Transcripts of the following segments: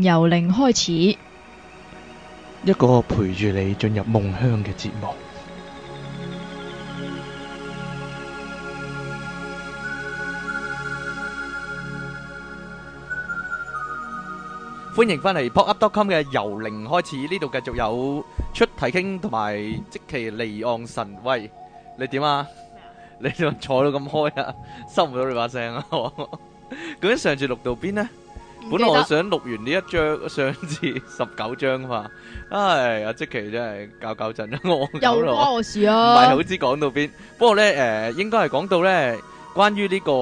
由零開始，一個陪住你進入夢鄉嘅節目。歡迎翻嚟 Pop Up Dot Com 嘅由零開始，呢度繼續有出題傾同埋即期離岸神。喂，你點啊？你坐到咁開啊？收唔到你把聲啊？究竟上次錄到邊呢？本來我想錄完呢一章上至十九章嘛，唉、哎，阿即奇真係搞搞震了我，了我搞，啊、到唔係好知講到邊。不過咧，誒、呃，應該係講到咧關於呢個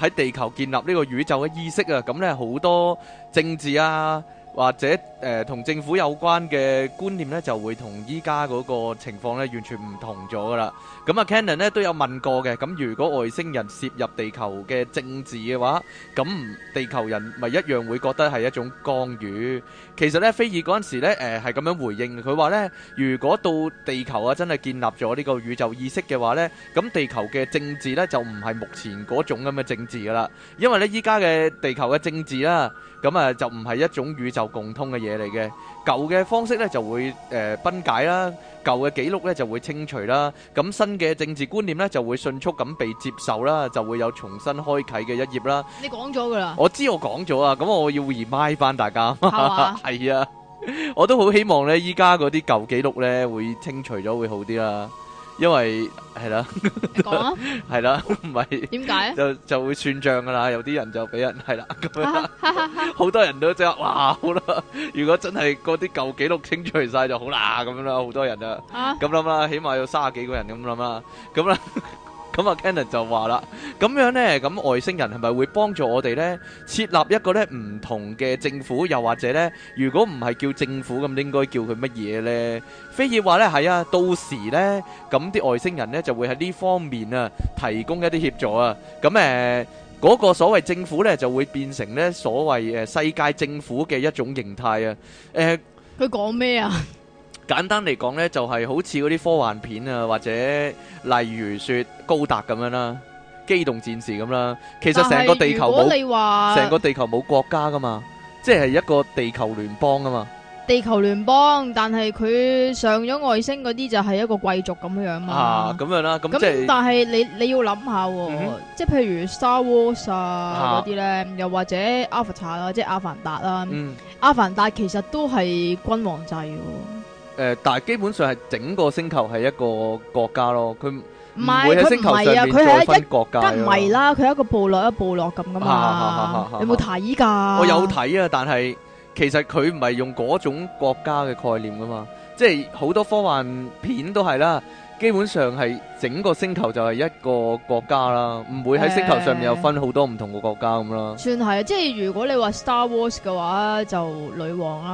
喺地球建立呢個宇宙嘅意識啊，咁咧好多政治啊。或者誒同政府有關嘅觀念咧，就會同依家嗰個情況咧完全唔同咗噶啦。咁啊，Cannon 咧都有問過嘅。咁如果外星人涉入地球嘅政治嘅話，咁地球人咪一樣會覺得係一種干預。其實咧，菲爾嗰陣時咧，誒係咁樣回應。佢話咧，如果到地球啊真係建立咗呢個宇宙意識嘅話咧，咁地球嘅政治咧就唔係目前嗰種咁嘅政治噶啦。因為咧，依家嘅地球嘅政治啦、啊，咁啊就唔係一種宇宙共通嘅嘢嚟嘅。舊嘅方式咧就會誒、呃、崩解啦，舊嘅記錄咧就會清除啦，咁新嘅政治觀念咧就會迅速咁被接受啦，就會有重新開啟嘅一頁啦。你講咗噶啦，我知我講咗啊，咁我要熱麥翻大家。係話 啊，我都好希望咧，依家嗰啲舊記錄咧會清除咗，會好啲啦。因為係啦，係啦，唔係點解就就會算賬噶啦？有啲人就俾人係啦咁樣，好多人都即刻哇，好啦，如果真係嗰啲舊記錄清除晒就好啦咁、啊、樣啦，好多人了啊，咁諗啦，起碼有卅幾個人咁諗啦，咁啦、啊。啊 咁啊，Kenneth 就話啦，咁樣咧，咁外星人係咪會幫助我哋咧？設立一個咧唔同嘅政府，又或者咧，如果唔係叫政府咁，應該叫佢乜嘢咧？菲爾話咧，係啊，到時咧，咁啲外星人咧就會喺呢方面啊，提供一啲協助啊。咁誒，嗰個所謂政府咧就會變成咧所謂誒世界政府嘅一種形態啊。誒，佢講咩啊？簡單嚟講咧，就係好似嗰啲科幻片啊，或者例如說高達咁樣啦，機動戰士咁啦。其實成個地球冇你話成個地球冇國家噶嘛，即係一個地球聯邦啊嘛。地球聯邦，但係佢上咗外星嗰啲就係一個貴族咁樣嘛。吓，咁樣啦。咁即係，但係你你要諗下，即係譬如 Star Wars 啊嗰啲咧，又或者阿凡達啦，即係阿凡達啦。嗯，阿凡達其實都係君王制。誒，但係基本上係整個星球係一個國家咯，佢唔會喺星球上面再分國家咯。唔係、啊、梗係唔係啦，佢係一個部落一個部落咁噶嘛。啊啊啊啊、你有冇睇噶？我有睇啊，但係其實佢唔係用嗰種國家嘅概念噶嘛，即係好多科幻片都係啦。基本上係整個星球就係一個國家啦，唔會喺星球上面又分好多唔同嘅國家咁啦。欸、算係啊，即係如果你話 Star Wars 嘅話，就女王啦。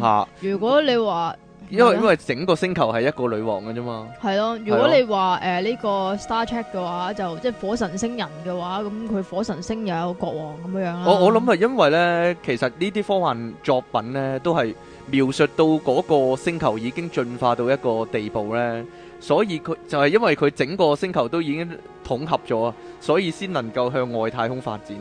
啊、如果你話、嗯。嗯因為因為整個星球係一個女王嘅啫嘛，係咯。如果你話誒呢個 Star Trek 嘅話就，就即、是、係火神星人嘅話，咁佢火神星又有國王咁樣我。我我諗係因為咧，其實呢啲科幻作品咧都係描述到嗰個星球已經進化到一個地步咧，所以佢就係、是、因為佢整個星球都已經統合咗，所以先能夠向外太空發展。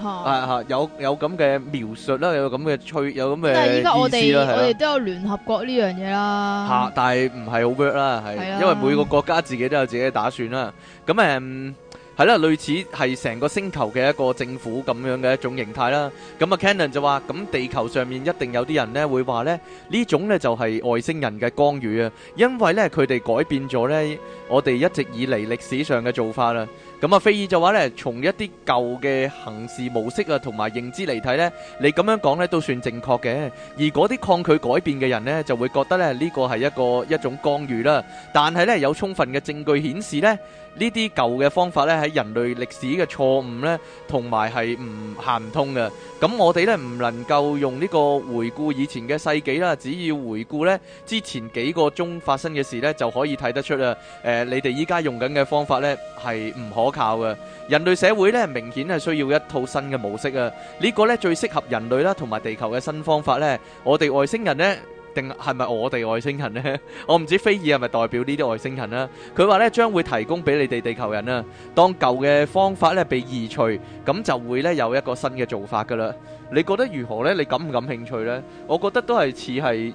係係有有咁嘅描述啦，有咁嘅趣，有咁嘅意思啦，係。但係依家我哋我哋都有聯合國呢樣嘢啦。嚇！但係唔係好 work 啦，係，因為每個國家自己都有自己嘅打算啦。咁誒，係啦，類似係成個星球嘅一個政府咁樣嘅一種形態啦。咁啊，Cannon 就話，咁地球上面一定有啲人咧會話咧，呢種咧就係外星人嘅光雨啊，因為咧佢哋改變咗咧我哋一直以嚟歷史上嘅做法啦。咁啊，菲爾就話咧，從一啲舊嘅行事模式啊，同埋認知嚟睇咧，你咁樣講咧都算正確嘅。而嗰啲抗拒改變嘅人咧，就會覺得咧呢個係一個一種干預啦。但係咧，有充分嘅證據顯示咧。呢啲舊嘅方法咧，係人類歷史嘅錯誤咧，同埋係唔行唔通嘅。咁我哋咧唔能夠用呢個回顧以前嘅世紀啦，只要回顧咧之前幾個鐘發生嘅事咧，就可以睇得出啊。誒，你哋依家用緊嘅方法咧係唔可靠嘅。人類社會咧明顯係需要一套新嘅模式啊。呢個咧最適合人類啦，同埋地球嘅新方法咧，我哋外星人咧。定係咪我哋外星人咧？我唔知菲爾係咪代表呢啲外星人啦。佢話咧將會提供俾你哋地球人啦，當舊嘅方法咧被移除，咁就會咧有一個新嘅做法噶啦。你覺得如何咧？你感唔感興趣咧？我覺得都係似係。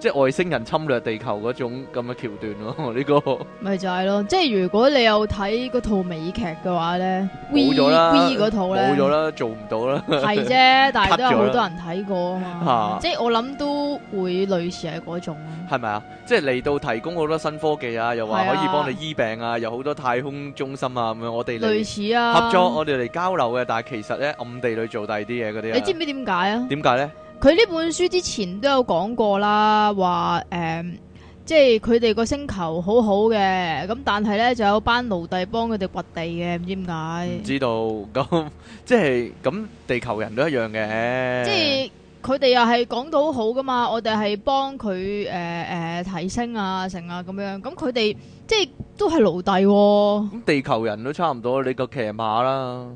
即係外星人侵略地球嗰種咁嘅橋段咯，啊，呢、這個咪就係咯。即係如果你有睇嗰套美劇嘅話咧，V 嗰套呢，冇咗啦，啦，做唔到啦。係啫，但係都有好多人睇過啊嘛。啊即係我諗都會類似係嗰種係係咪啊？即係嚟到提供好多新科技啊，又話可以幫你醫病啊，又好多太空中心啊咁樣。我哋類似啊，合作我哋嚟交流嘅。但係其實咧暗地裏做第二啲嘢嗰啲。你知唔知點解啊？點解咧？佢呢本書之前都有講過啦，話誒、嗯，即係佢哋個星球好好嘅，咁但係咧就有班奴隸幫佢哋掘地嘅，唔知點解？唔知道咁，即係咁地球人都一樣嘅。即係佢哋又係講到好噶嘛，我哋係幫佢誒誒提升啊，成啊咁樣，咁佢哋即係都係奴隸、啊。咁地球人都差唔多，你個騎馬啦，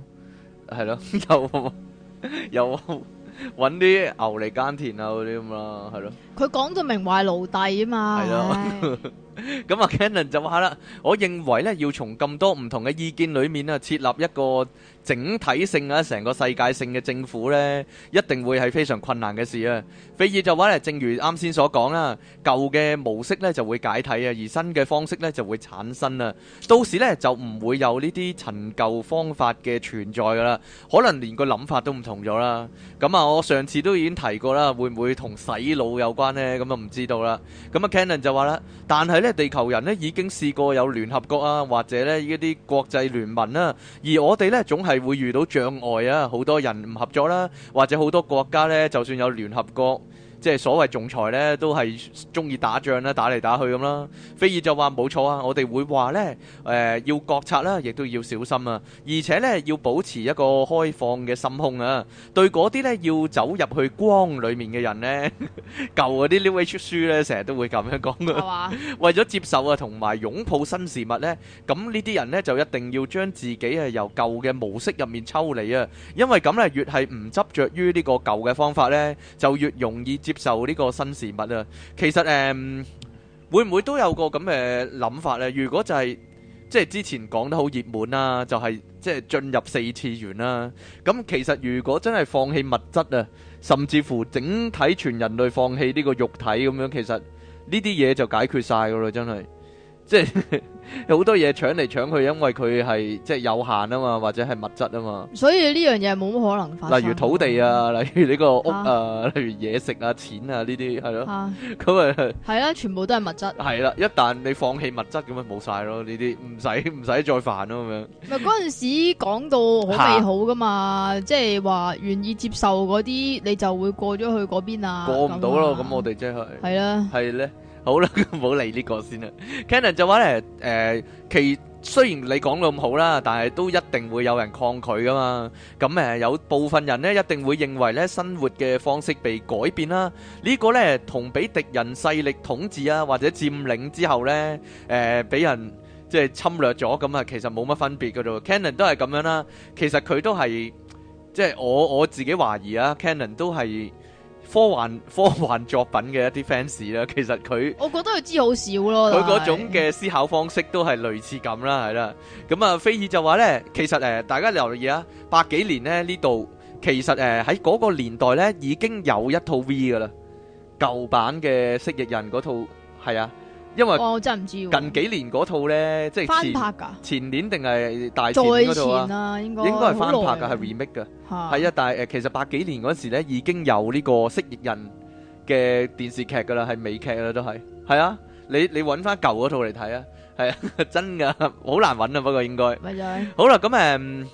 係咯，有 有又。 又 揾啲牛嚟耕田啊，嗰啲咁咯，係咯。佢講到明係奴隸啊嘛，係咯的。咁啊，Cannon 就話啦，我認為咧要從咁多唔同嘅意見裏面咧，設立一個。整體性啊，成個世界性嘅政府咧，一定會係非常困難嘅事啊。費爾就話咧，正如啱先所講啦，舊嘅模式咧就會解體啊，而新嘅方式咧就會產生啊。到時咧就唔會有呢啲陳舊方法嘅存在㗎啦，可能連個諗法都唔同咗啦。咁啊，我上次都已經提過啦，會唔會同洗腦有關咧？咁啊唔知道啦。咁啊 Canon 就話啦，但係咧地球人咧已經試過有聯合國啊，或者咧呢一啲國際聯盟啦，而我哋咧總係。係會遇到障礙啊！好多人唔合作啦，或者好多國家咧，就算有聯合國。即係所謂仲裁咧，都係中意打仗啦，打嚟打去咁啦。菲爾就話冇錯啊，我哋會話咧，誒、呃、要覺察啦，亦都要小心啊，而且咧要保持一個開放嘅心胸啊。對嗰啲咧要走入去光裏面嘅人咧， 舊嗰啲 New Age 書咧，成日都會咁樣講。嘅、啊， 為咗接受啊，同埋擁抱新事物咧，咁呢啲人咧就一定要將自己啊由舊嘅模式入面抽離啊，因為咁咧越係唔執着於呢個舊嘅方法咧，就越容易接。受呢個新事物啊，其實誒、嗯，會唔會都有個咁嘅諗法咧？如果就係、是、即係之前講得好熱門啦，就係、是、即係進入四次元啦。咁其實如果真係放棄物質啊，甚至乎整體全人類放棄呢個肉體咁樣，其實呢啲嘢就解決晒㗎喇，真係。即係好多嘢搶嚟搶去，因為佢係即係有限啊嘛，或者係物質啊嘛。所以呢樣嘢冇乜可能發生。例如土地啊，嗯、例如呢個屋啊，啊例如嘢食啊、錢啊呢啲係咯。咁啊，係啦、就是，全部都係物質。係啦，一旦你放棄物質，咁咪冇晒咯。呢啲唔使唔使再煩咯咁樣。唔係嗰陣時講到好美好噶嘛，即係話願意接受嗰啲，你就會過咗去嗰邊啊。過唔到咯，咁我哋即係係啦，係咧。好啦，唔好理呢個先啦。Cannon 就話咧，誒，其雖然你講咁好啦，但係都一定會有人抗拒噶嘛。咁誒，有部分人咧，一定會認為咧，生活嘅方式被改變啦。呢個咧，同俾敵人勢力統治啊，或者佔領之後咧，誒，俾人即係侵略咗咁啊，其實冇乜分別噶啫。Cannon 都係咁樣啦，其實佢都係，即係我我自己懷疑啊，Cannon 都係。科幻科幻作品嘅一啲 fans 啦，其實佢，我覺得佢知好少咯。佢嗰種嘅思考方式都係類似咁啦，係啦。咁啊，菲爾就話咧，其實誒、呃，大家留意啊，百幾年咧呢度，其實誒喺嗰個年代咧已經有一套 V 噶啦，舊版嘅蜥蜴人嗰套係啊。是因為我真唔知喎，近幾年嗰套咧即係翻拍㗎，前年定係大前年啊？再前啦，應該應該係翻拍㗎，係 remake 㗎，係啊！但係誒，其實八幾年嗰時咧已經有呢個蜥蜴人嘅電視劇㗎啦，係美劇啦都係，係啊！你你搵返舊嗰套嚟睇啊，係啊，真㗎，好難搵啊，不過應該。咪再。好啦，咁誒。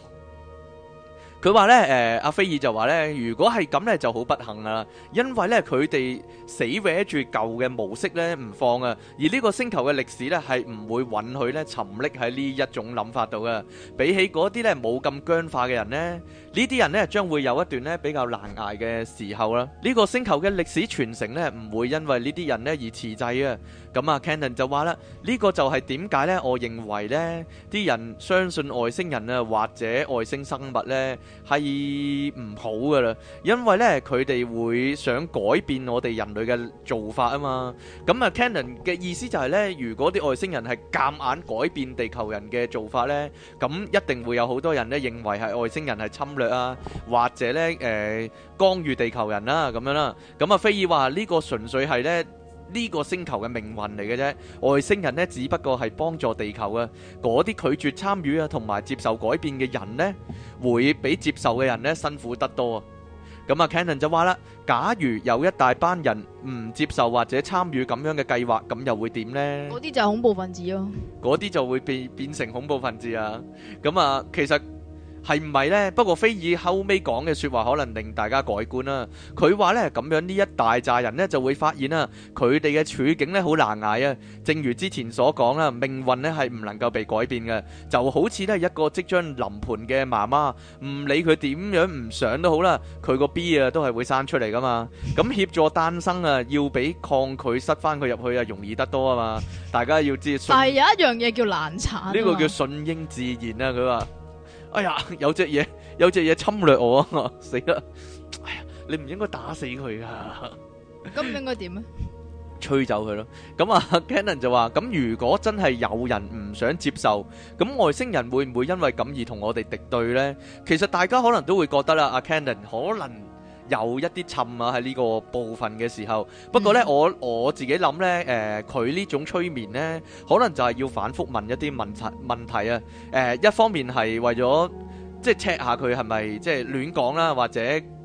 佢話咧，誒阿、啊、菲爾就話咧，如果係咁咧就好不幸啦，因為咧佢哋死搲住舊嘅模式咧唔放啊，而呢個星球嘅歷史咧係唔會允許咧沉溺喺呢一種諗法度嘅。比起嗰啲咧冇咁僵化嘅人咧，人呢啲人咧將會有一段咧比較難捱嘅時候啦。呢、這個星球嘅歷史傳承咧唔會因為呢啲人咧而遲滯啊。咁啊，Cannon 就話啦，呢、這個就係點解咧？我認為咧，啲人相信外星人啊或者外星生物咧。係唔好噶啦，因為呢，佢哋會想改變我哋人類嘅做法啊嘛。咁啊 Cannon 嘅意思就係呢：如果啲外星人係夾硬改變地球人嘅做法呢，咁一定會有好多人呢認為係外星人係侵略啊，或者呢，誒干預地球人啦咁樣啦。咁啊，這菲爾話呢個純粹係呢。呢個星球嘅命運嚟嘅啫，外星人呢，只不過係幫助地球嘅。嗰啲拒絕參與啊，同埋接受改變嘅人呢，會比接受嘅人呢辛苦得多啊。咁啊，Cannon 就話啦：「假如有一大班人唔接受或者參與咁樣嘅計劃，咁又會點呢？」嗰啲就係恐怖分子咯哦。嗰啲就會變變成恐怖分子啊！咁啊，其實。係唔係呢？不過菲爾後尾講嘅說話可能令大家改觀啦。佢話呢，咁樣呢一大扎人呢，就會發現啦、啊，佢哋嘅處境呢，好難挨啊。正如之前所講啦，命運呢係唔能夠被改變嘅，就好似呢一個即將臨盆嘅媽媽，唔理佢點樣唔想都好啦，佢個 B 啊都係會生出嚟㗎嘛。咁協助誕生啊，要比抗拒塞返佢入去啊容易得多啊嘛。大家要知道，但係有一樣嘢叫難產，呢個叫順應自然啊，佢話。哎呀，有隻嘢有隻嘢侵略我啊！死啦！哎呀，你唔應該打死佢啊！咁應該點咧？吹走佢咯。咁啊，Cannon 就話，咁如果真係有人唔想接受，咁外星人會唔會因為咁而同我哋敵對呢？其實大家可能都會覺得啦，阿 Cannon 可能。有一啲滲啊喺呢個部分嘅時候，不過呢，我我自己諗呢，誒、呃，佢呢種催眠呢，可能就係要反覆問一啲問題問題啊，誒、呃，一方面係為咗即係 check 下佢係咪即係亂講啦，或者，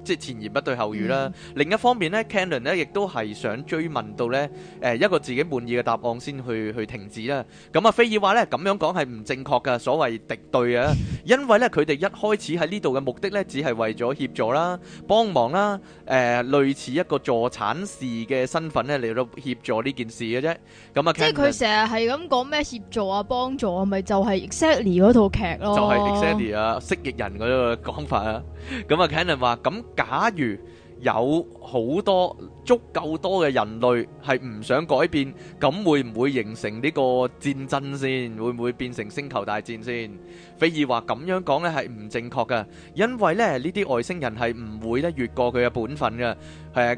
即係前言不對後語啦。另一方面咧，Cannon 咧亦都係想追問到咧，誒、一個自己滿意嘅答案先去去停止啦。咁啊，菲爾話咧咁樣講係唔正確㗎，所謂敵對啊，因為咧佢哋一開始喺呢度嘅目的咧，只係為咗協助啦、幫忙啦，誒、類似一個助產士嘅身份咧嚟到協助呢件事嘅啫。咁啊，即係佢成日係咁講咩協助啊幫助啊，咪就係 Excelli 嗰套劇咯，就係 Excelli 啊，蜥蜴人嗰個講法啊。咁啊，Cannon 話咁。假如有好多足夠多嘅人類係唔想改變，咁會唔會形成呢個戰爭先？會唔會變成星球大戰先？菲爾話咁樣講咧係唔正確嘅，因為咧呢啲外星人係唔會咧越過佢嘅本分嘅，係。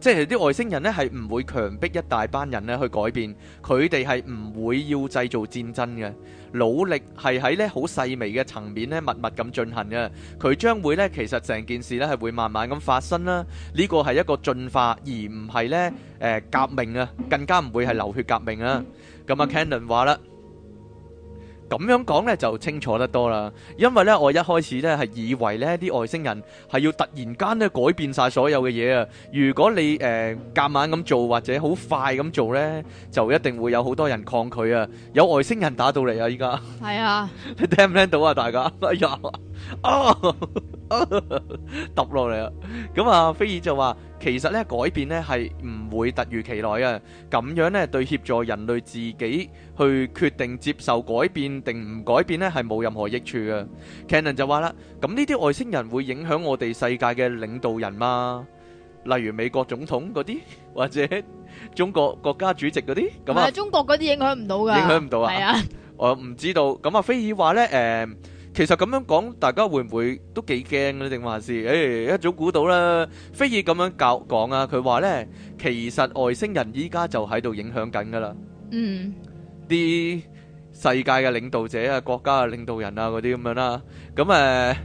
即係啲外星人咧，係唔會強迫一大班人咧去改變，佢哋係唔會要製造戰爭嘅，努力係喺咧好細微嘅層面咧，默默咁進行嘅。佢將會咧，其實成件事咧係會慢慢咁發生啦。呢個係一個進化，而唔係咧誒革命啊，更加唔會係流血革命啊。咁啊，Cannon 話啦。咁樣講咧就清楚得多啦，因為咧我一開始咧係以為咧啲外星人係要突然間咧改變晒所有嘅嘢啊！如果你誒夾、呃、硬咁做或者好快咁做咧，就一定會有好多人抗拒啊！有外星人打到嚟啊！依家係啊，你聽唔聽到啊？大家，哎呀，哦，揼落嚟啊！咁 啊，菲爾就話。其實咧改變咧係唔會突如其來啊！咁樣咧對協助人類自己去決定接受改變定唔改變咧係冇任何益處嘅。Cannon 就話啦：咁呢啲外星人會影響我哋世界嘅領導人嘛？例如美國總統嗰啲，或者中國國家主席嗰啲。咁啊，中國嗰啲影響唔到㗎，影響唔到啊。係啊，我唔知道。咁啊，菲爾話咧誒。其實咁樣講，大家會唔會都幾驚咧？定還是誒，一早估到啦。菲爾咁樣教講啊，佢話咧，其實外星人依家就喺度影響緊噶啦。嗯，啲世界嘅領導者啊，國家嘅領導人啊，嗰啲咁樣啦。咁誒。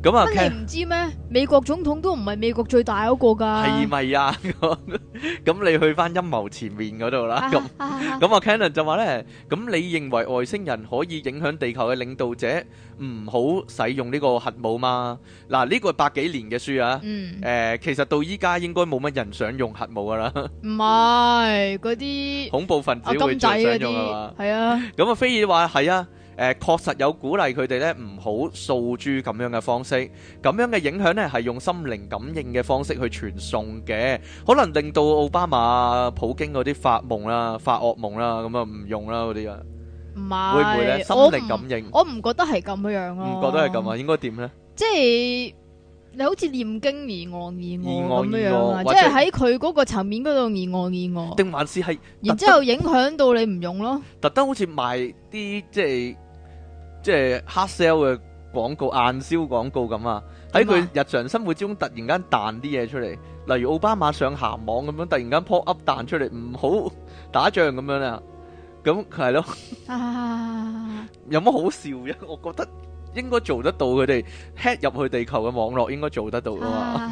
咁啊，你唔知咩？美國總統都唔係美國最大嗰個㗎。係咪啊？咁 你去翻陰謀前面嗰度啦。咁咁啊 Canon 就話咧，咁你認為外星人可以影響地球嘅領導者，唔好使用呢個核武嘛？嗱、啊，呢、呢個係百幾年嘅書啊。嗯。誒，其實到依家應該冇乜人想用核武㗎啦。唔係，嗰啲恐怖分子會最想用啊，啊。係啊。咁啊，菲爾話係啊。誒確實有鼓勵佢哋咧，唔好訴諸咁樣嘅方式，咁樣嘅影響咧係用心靈感應嘅方式去傳送嘅，可能令到奧巴馬、普京嗰啲發夢啦、發惡夢啦，咁啊唔用啦嗰啲啊，唔係會唔會咧心靈感應？我唔覺得係咁樣咯，唔覺得係咁啊？應該點咧？即係你好似念經而惡而惡咁樣啊，即係喺佢嗰個層面嗰度而惡而惡，定還是係？然之後影響到你唔用咯，特登好似賣啲即係。即係黑 sell 嘅廣告、暗銷廣告咁啊！喺佢日常生活之中突然間彈啲嘢出嚟，例如奧巴馬上行網咁樣，突然間 pop up 彈出嚟，唔好打仗咁樣啦，咁係咯。 有乜好笑啫？我覺得應該做得到，佢哋 head 入去地球嘅網絡應該做得到噶嘛。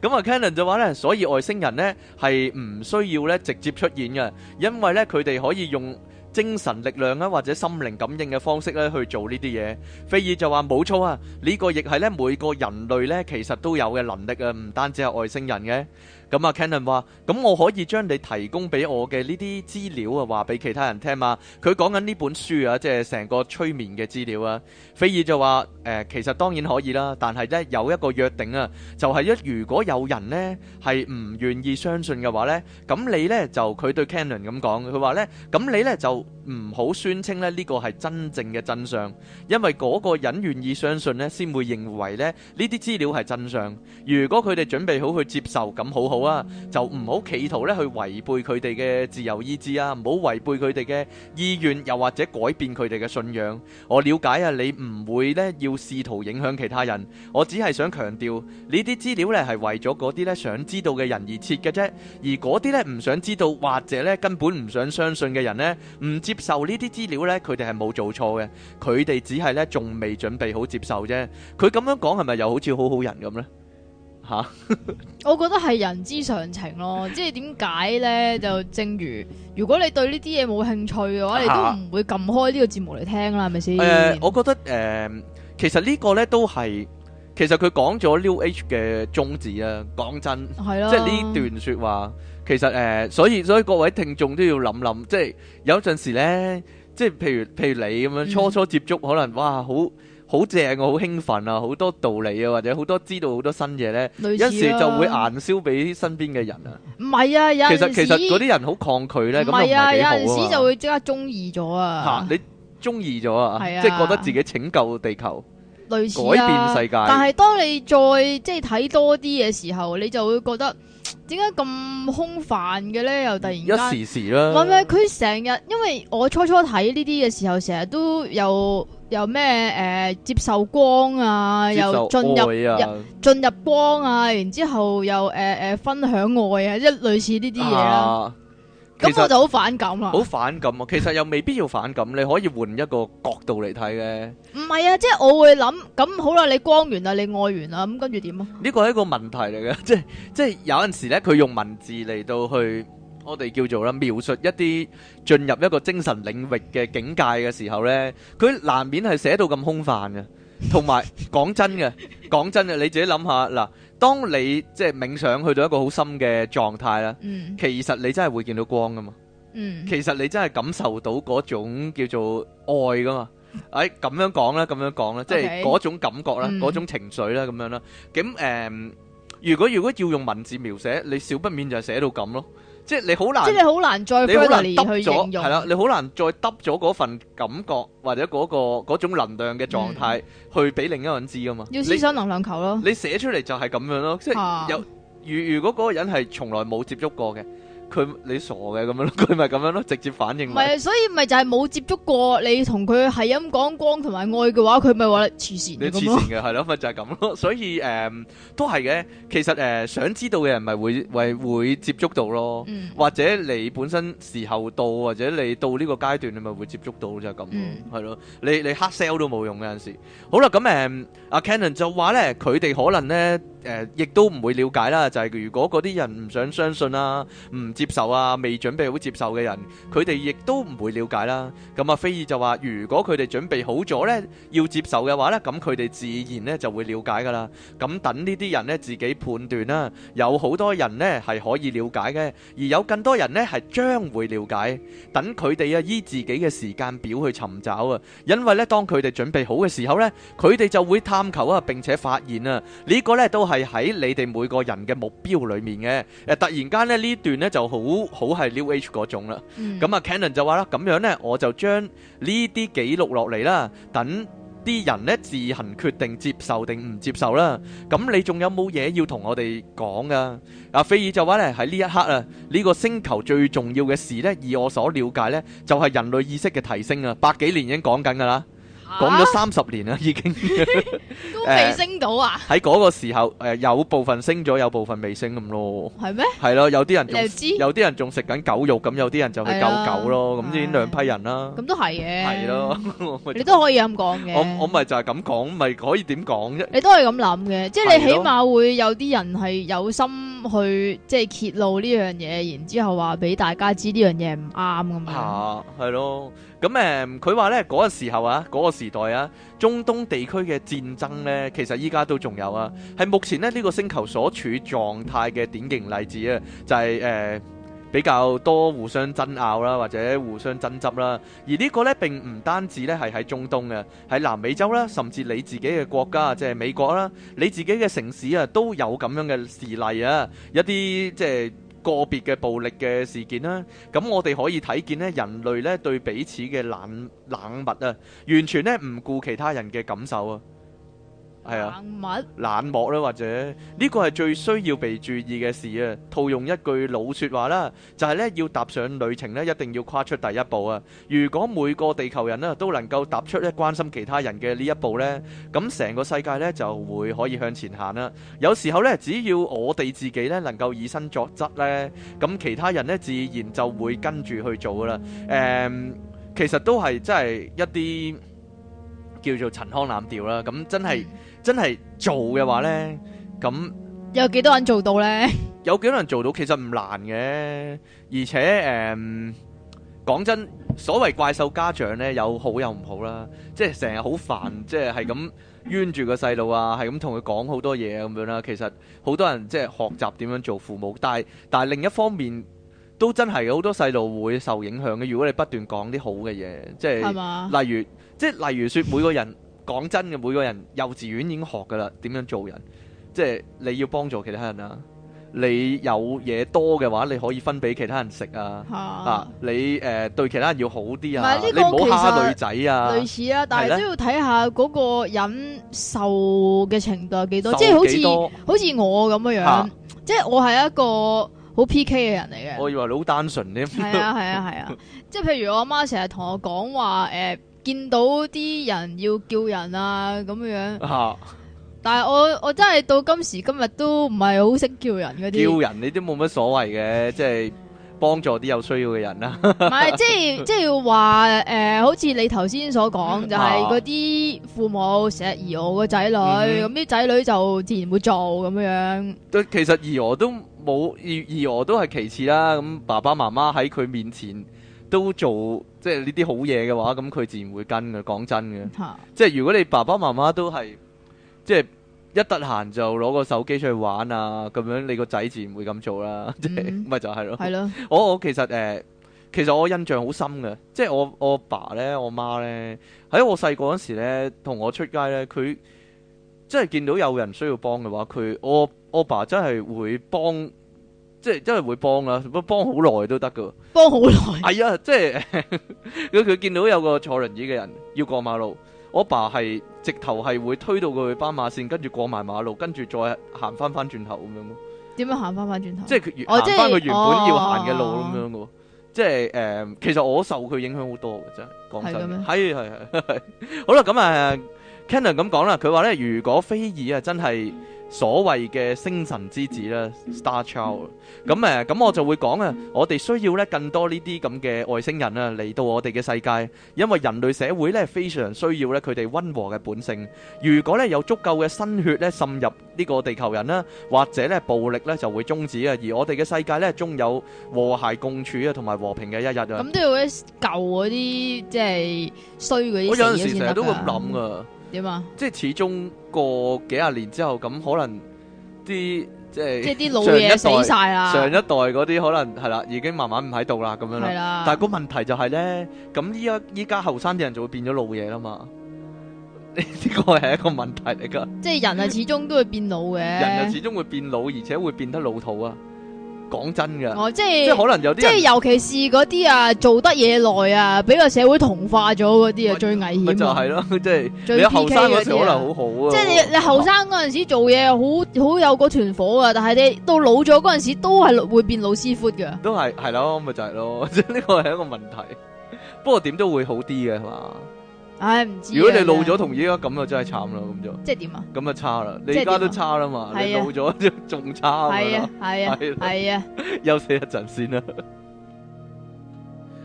咁啊，Cannon 就話咧，所以外星人咧係唔需要咧直接出現嘅，因為咧佢哋可以用。精神力量啊，或者心靈感應嘅方式咧，去做呢啲嘢。菲爾就話：冇錯啊，呢個亦係咧每個人類咧，其實都有嘅能力啊，唔單止係外星人嘅。咁啊 Canon 話：咁我可以將你提供俾我嘅呢啲資料啊，話俾其他人聽嘛，啊。佢講緊呢本書啊，即係成個催眠嘅資料啊。菲爾就話：誒、呃、其實當然可以啦，但係咧有一個約定啊，就係、是、一如果有人咧係唔願意相信嘅話咧，咁你咧就佢對 Canon 咁講，佢話咧：咁你咧就唔好宣稱咧呢個係真正嘅真相，因為嗰個人願意相信咧，先會認為咧呢啲資料係真相。如果佢哋準備好去接受，咁好。好啊，就唔好企圖咧去違背佢哋嘅自由意志啊，唔好違背佢哋嘅意願，又或者改變佢哋嘅信仰。我了解啊，你唔會咧要試圖影響其他人。我只係想強調呢啲資料咧係為咗嗰啲咧想知道嘅人而設嘅啫。而嗰啲咧唔想知道或者咧根本唔想相信嘅人咧，唔接受呢啲資料咧，佢哋係冇做錯嘅，佢哋只係咧仲未準備好接受啫。佢咁樣講係咪又好似好好人咁呢？吓，啊、 我覺得係人之常情咯，即係點解咧？就正如如果你對呢啲嘢冇興趣嘅話，你都唔會撳開呢個節目嚟聽啦，係咪先？誒、呃，我覺得誒、呃，其實個呢個咧都係，其實佢講咗 New Age 嘅宗旨啦、啊。講真，係咯、啊，即係呢段說話，其實誒、呃，所以所以各位聽眾都要諗諗，即係有陣時咧，即係譬如譬如你咁樣初初接觸，可能、嗯、哇好。好正啊！我好興奮啊！好多道理啊，或者好多知道好多新嘢呢，似一時就會燃燒俾身邊嘅人啊。唔係啊，有陣時嗰啲人好抗拒呢。咁又唔係幾好啊。有時就會即刻中意咗啊！吓，啊，你中意咗啊？係啊，即係覺得自己拯救地球，類似改變世界。但係當你再即係睇多啲嘅時候，你就會覺得。點解咁空泛嘅咧？又突然間一時時啦，唔係佢成日，因為我初初睇呢啲嘅時候，成日都有有咩誒、呃、接受光啊，啊又進入入進入光啊，然後之後又誒誒、呃呃、分享愛啊，即係類似呢啲嘢啦。咁我就好反感啦，好反感！啊，其實又未必要反感，你可以換一個角度嚟睇嘅。唔係啊，即係我會諗，咁好啦，你光完啦，你愛完啦，咁跟住點啊？呢個係一個問題嚟嘅，即係即係有陣時咧，佢用文字嚟到去我哋叫做啦，描述一啲進入一個精神領域嘅境界嘅時候咧，佢難免係寫到咁空泛嘅。同埋講真嘅，講真嘅，你自己諗下嗱。當你即係冥想去到一個好深嘅狀態咧，其實你真係會見到光㗎嘛，其實你真係感受到嗰種叫做愛㗎嘛，誒咁樣講啦，咁樣講啦，即係嗰種感覺啦，嗰種情緒啦，咁樣啦，咁誒，如果如果要用文字描寫，你少不免就係寫到咁咯。即係你好難，即係你好難再你好難去形容，你好難得咗，係啦，你好難再得咗嗰份感覺或者嗰個、嗰種能量嘅狀態、嗯、去俾另一個人知㗎嘛，要思想能量球咯你，你寫出嚟就係咁樣咯，即係如如果嗰個人係從來冇接觸過嘅。佢你傻嘅咁樣咯，佢咪咁樣咯，直接反應。唔係啊，所以咪就係冇接觸過你同佢係咁講光同埋愛嘅話，佢咪話你黐線。你黐線嘅係咯，咪樣 就係咁咯。所以誒、嗯、都係嘅，其實、呃、想知道嘅人咪會會會接觸到咯，嗯、或者你本身時候到，或者你到呢個階段，你咪會接觸到就係咁咯，係咯、嗯。你你 hard sell 都冇用嘅陣時。好啦，咁、嗯、誒阿、啊、Cannon 就話咧，佢哋可能咧、呃、亦都唔會了解啦，就係、是、如果嗰啲人唔想相信啦、啊。唔。接受啊，未準備好接受嘅人，佢哋亦都唔會了解啦。咁啊，菲爾就話：如果佢哋準備好咗咧，要接受嘅話咧，咁佢哋自然咧就會了解噶啦。咁等呢啲人咧自己判斷啦、啊。有好多人咧係可以了解嘅，而有更多人咧係將會了解。等佢哋啊依自己嘅時間表去尋找啊。因為咧，當佢哋準備好嘅時候咧，佢哋就會探求啊，並且發現啊、這個、呢個咧都係喺你哋每個人嘅目標裏面嘅。誒、啊，突然間咧呢這段咧就。好好係 New Age 嗰種啦，咁啊 Canon 就話啦，咁樣呢，我就將呢啲記錄落嚟啦，等啲人呢自行決定接受定唔接受啦。咁你仲有冇嘢要同我哋講啊？阿菲爾就話呢，喺呢一刻啊，呢個星球最重要嘅事呢，以我所了解呢，就係人類意識嘅提升啊！百幾年已經講緊㗎啦。講咗三十年啦，已經都未升到啊！喺嗰個時候，誒，有部分升咗，有部分未升咁咯。係咩？係咯，有啲人仲有啲人仲食緊狗肉，咁有啲人就去救狗咯，咁呢兩批人啦。咁都係嘅。係咯，你都可以咁講嘅。我我咪就係咁講，咪可以點講啫？你都係咁諗嘅，即係你起碼會有啲人係有心去即係揭露呢樣嘢，然之後話俾大家知呢樣嘢唔啱咁樣。係咯。咁誒，佢話咧嗰個時候啊，嗰、那個時代啊，中東地區嘅戰爭咧，其實依家都仲有啊，係目前咧呢、這個星球所處狀態嘅典型例子啊，就係、是、誒、呃、比較多互相爭拗啦、啊，或者互相爭執啦、啊。而個呢個咧並唔單止咧係喺中東嘅、啊，喺南美洲啦、啊，甚至你自己嘅國家即係、就是、美國啦、啊，你自己嘅城市啊都有咁樣嘅事例啊，一啲即係。個別嘅暴力嘅事件啦，咁我哋可以睇見咧人類咧對彼此嘅冷冷漠啊，完全咧唔顧其他人嘅感受啊。冷漠、啊，冷漠或者呢個係最需要被注意嘅事啊！套用一句老說話啦，就係、是、咧要踏上旅程咧，一定要跨出第一步啊！如果每個地球人呢都能夠踏出咧關心其他人嘅呢一步呢，咁成個世界呢就會可以向前行啦、啊。有時候呢，只要我哋自己呢能夠以身作則呢，咁其他人呢自然就會跟住去做啦。誒、嗯嗯，其實都係真係一啲叫做陳腔濫調啦，咁真係。嗯真係做嘅話呢，咁有幾多人做到呢？ 有幾多人做到？其實唔難嘅，而且誒，講、嗯、真，所謂怪獸家長呢，有好有唔好啦。即係成日好煩， 即係係咁冤住個細路啊，係咁同佢講好多嘢啊，咁樣啦。其實好多人即係學習點樣做父母，但係但係另一方面，都真係好多細路會受影響嘅。如果你不斷講啲好嘅嘢，即係，吧例如即係例如說每個人。 講真嘅，每個人幼稚園已經學㗎喇，點樣做人？即係你要幫助其他人啊！你有嘢多嘅話，你可以分俾其他人食啊！啊，你誒對其他人要好啲啊！唔係呢個其實女仔啊類似啊，但係都要睇下嗰個忍受嘅程度係幾多，即係好似好似我咁樣樣，即係我係一個好 PK 嘅人嚟嘅。我以為你好單純呢？係啊係啊係啊！即係譬如我媽成日同我講話誒。見到啲人要叫人啊咁樣，啊、但係我我真係到今時今日都唔係好識叫人嗰啲。叫人你都冇乜所謂嘅，即係幫助啲有需要嘅人啦。唔係是， 即係即係話誒，好似你頭先所講，啊、就係嗰啲父母成日兒，兒我個仔女，咁啲仔女就自然會做咁樣。對，其實兒我都冇，而而我都係其次啦。咁爸爸媽媽喺佢面前。都做即係呢啲好嘢嘅話，咁佢自然會跟嘅。講真嘅，的即係如果你爸爸媽媽都係即係一得閒就攞個手機出去玩啊咁樣，你個仔自然會咁做啦，嗯、即係咪就係、是、咯？係咯的，我我其實誒、呃，其實我印象好深嘅，即係我我爸咧，我媽咧，喺我細個嗰時咧，同我出街咧，佢即係見到有人需要幫嘅話，佢我我爸真係會幫。即係真係會幫啦，不幫好耐都得噶。幫好耐。係啊、哎，即係如果佢見到有個坐輪椅嘅人要過馬路，我爸係直頭係會推到佢去斑馬線，跟住過埋馬路，跟住再行翻翻轉頭咁樣咯。點樣行翻翻轉頭？頭即係佢行翻佢原本要行嘅路咁樣嘅喎。即係誒、哦呃，其實我受佢影響好多 好多嘅真係。係嘅咩？係係係。好啦，咁啊，Kenner 咁講啦，佢話咧，如果非兒啊真係，所謂嘅星神之子啦，Star Child。咁誒，咁我就會講啊，我哋需要咧更多呢啲咁嘅外星人啦嚟到我哋嘅世界，因為人類社會咧非常需要咧佢哋溫和嘅本性。如果咧有足夠嘅新血咧滲入呢個地球人啦，或者咧暴力咧就會終止啊。而我哋嘅世界咧，終有和諧共處啊，同埋和平嘅一日啊。咁都要舊嗰啲即係衰嗰啲嘢先得㗎。我有陣時成日都咁諗㗎。即係始終過幾廿年之後，咁可能啲即係即係啲老嘢死晒啦。上一代嗰啲可能係啦，已經慢慢唔喺度啦，咁樣啦。係啦。但係個問題就係咧，咁依家依家後生啲人就會變咗老嘢啦嘛？呢個係一個問題嚟噶。即係人係，始終都會變老嘅。人又始終會變老，而且會變得老土啊。講真噶、哦，即係即係可能有啲即係尤其是嗰啲啊做得嘢耐啊，俾個社會同化咗嗰啲啊，最危險。咪就係咯，即係最後生嗰時可能好好啊。即係你你後生嗰陣時做嘢好好有嗰團火噶，但係你到老咗嗰陣時候都係會變老屎忽噶。都係係咯，咪就係、是、咯，即係呢個係一個問題。 不過點都會好啲嘅係嘛。唉，唔知。如果你老咗同而家咁就真係慘啦咁就。即係點啊？咁啊差啦，你而家都差啦嘛，你老咗仲差。係啊係啊係啊。休息一陣先啦。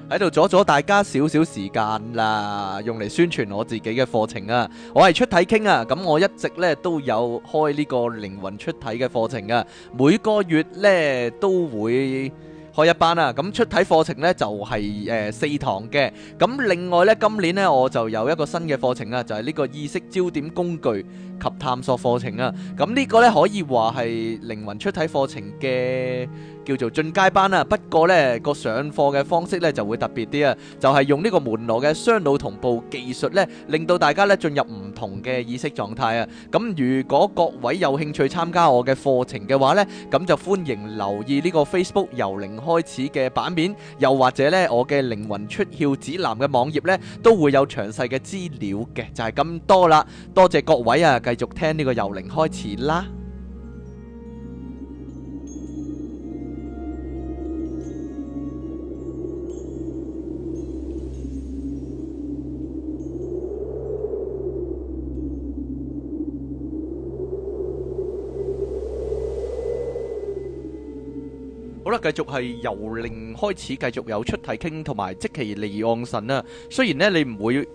喺度阻咗大家少少時間啦，用嚟宣傳我自己嘅課程啊！我係出體傾啊，咁我一直咧都有開呢個靈魂出體嘅課程啊，每個月咧都會。我一班啦，咁出體課程呢就係、是、誒、呃、四堂嘅，咁另外呢，今年呢我就有一個新嘅課程啦，就係、是、呢個意識焦點工具，及探索課程啊，咁呢個呢可以話係靈魂出體課程嘅叫做進階班啊。不過呢個上課嘅方式呢就會特別啲啊，就係用呢個門羅嘅雙腦同步技術呢，令到大家呢進入唔同嘅意識狀態啊。咁如果各位有興趣參加我嘅課程嘅話呢，咁就歡迎留意呢個 Facebook 由零開始嘅版面，又或者呢我嘅靈魂出竅指南嘅網頁呢都會有詳細嘅資料嘅。就係咁多啦，多謝各位啊！繼續聽呢個由零開始啦。好啦，繼續係由零開始，繼續有出體傾同埋即期離岸神啦。雖然呢，你唔會。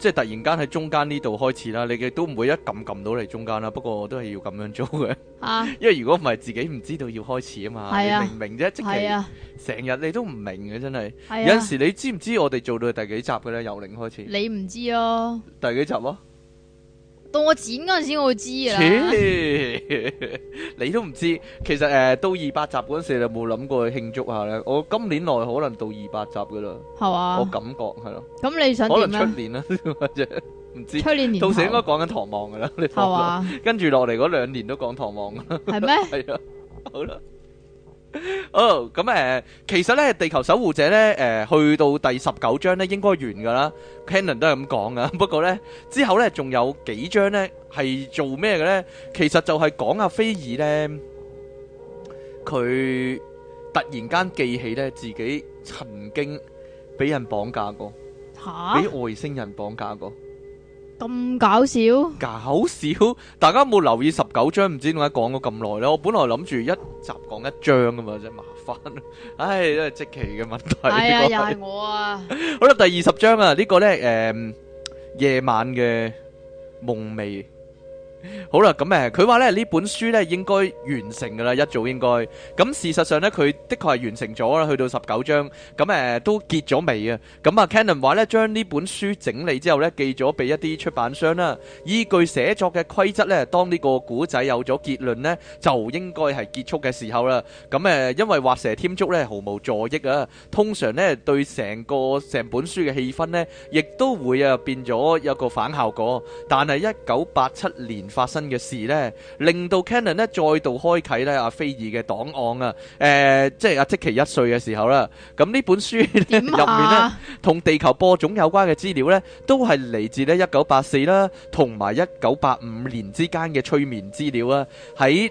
即係突然間喺中間呢度開始啦，你嘅都唔會一撳撳到你中間啦。不過我都係要咁樣做嘅，啊、因為如果唔係自己唔知道要開始啊嘛，係啊明唔明啫？即係成日你都唔明嘅真係。啊、有陣時你知唔知道我哋做到第幾集嘅咧？由零開始，你唔知咯、哦？第幾集啊、哦？到我剪嗰陣時，我會知啊！你都唔知道，其實誒、呃，到二百集嗰陣時，你有冇諗過去慶祝下咧？我今年內可能到二百集噶啦，係啊吧我感覺係咯。咁你想可能出年啦，或者唔知出道年到年時應該講緊唐望噶啦，你跟住落嚟嗰兩年都講唐望噶啦，係咩嗎？係啊， 好啦。哦，咁誒、 oh, 嗯，其實咧《地球守護者》呢咧，誒，去到第十九章咧，應該完噶啦，Cannon 都係咁講噶。不過咧，之後咧，仲有幾章咧係做咩嘅咧？其實就係講阿菲爾咧，佢突然間記起咧自己曾經俾人綁架過，俾蛤外星人綁架過。咁搞笑，搞笑！大家冇留意十九章，唔知點解講咗咁耐咧？我本來諗住一集講一章噶嘛，真係麻煩。唉，都係即期嘅問題。係啊、哎呀，位又係我啊。 好啦，第二十章啊，這個、呢個咧，誒、嗯，夜晚嘅夢寐。好啦，咁誒，佢話咧，呢本書咧應該完成噶啦，一早應該，咁事實上咧佢的確係完成咗啦，去到十九章，咁誒都結咗未啊，咁啊 Cannon 話咧，將呢本書整理之後咧寄咗俾一啲出版商啦，依據寫作嘅規則咧，當呢個古仔有咗結論咧就應該係結束嘅時候啦，咁誒因為畫蛇添足咧毫無助益啊，通常咧對成個成本書嘅氣氛咧亦都會啊變咗有個反效果，但係一九八七年。發生嘅事呢，令到 Canon 咧再度開啟咧阿菲爾嘅檔案啊！誒、呃，即係阿即奇一歲嘅時候啦，咁呢本書入、啊、面呢，同地球播種有關嘅資料呢，都係嚟自咧一九八四啦，同埋一九八五年之間嘅催眠資料啊，喺，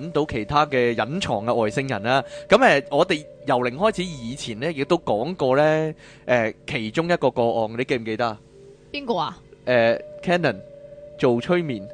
揾到其他嘅隱藏嘅外星人啦、啊，咁誒、呃，我哋由零開始以前咧，亦都講過咧，誒、呃，其中一個個案，你記唔記得啊？邊個啊？誒，Cannon 做催眠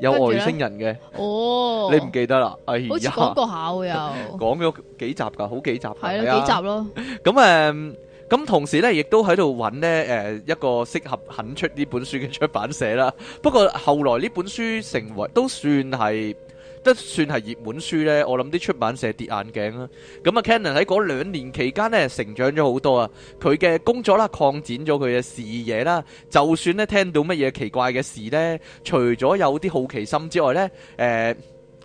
有外星人嘅。哦，oh，你唔記得啦？哎、好似講過下喎，又講咗幾集噶，好幾集的。係咯的，啊、幾集咯。咁誒、嗯，咁、嗯嗯嗯、同時咧，亦都喺度揾咧，誒、呃，一個適合肯出呢本書嘅出版社啦。不過後來呢本書成為都算係。都算係熱門書呢。我諗啲出版社跌眼鏡啦。咁啊，Canon 喺嗰兩年期間呢，成長咗好多啊，佢嘅工作啦，擴展咗佢嘅視野啦。就算呢聽到乜嘢奇怪嘅事呢，除咗有啲好奇心之外呢。誒、呃。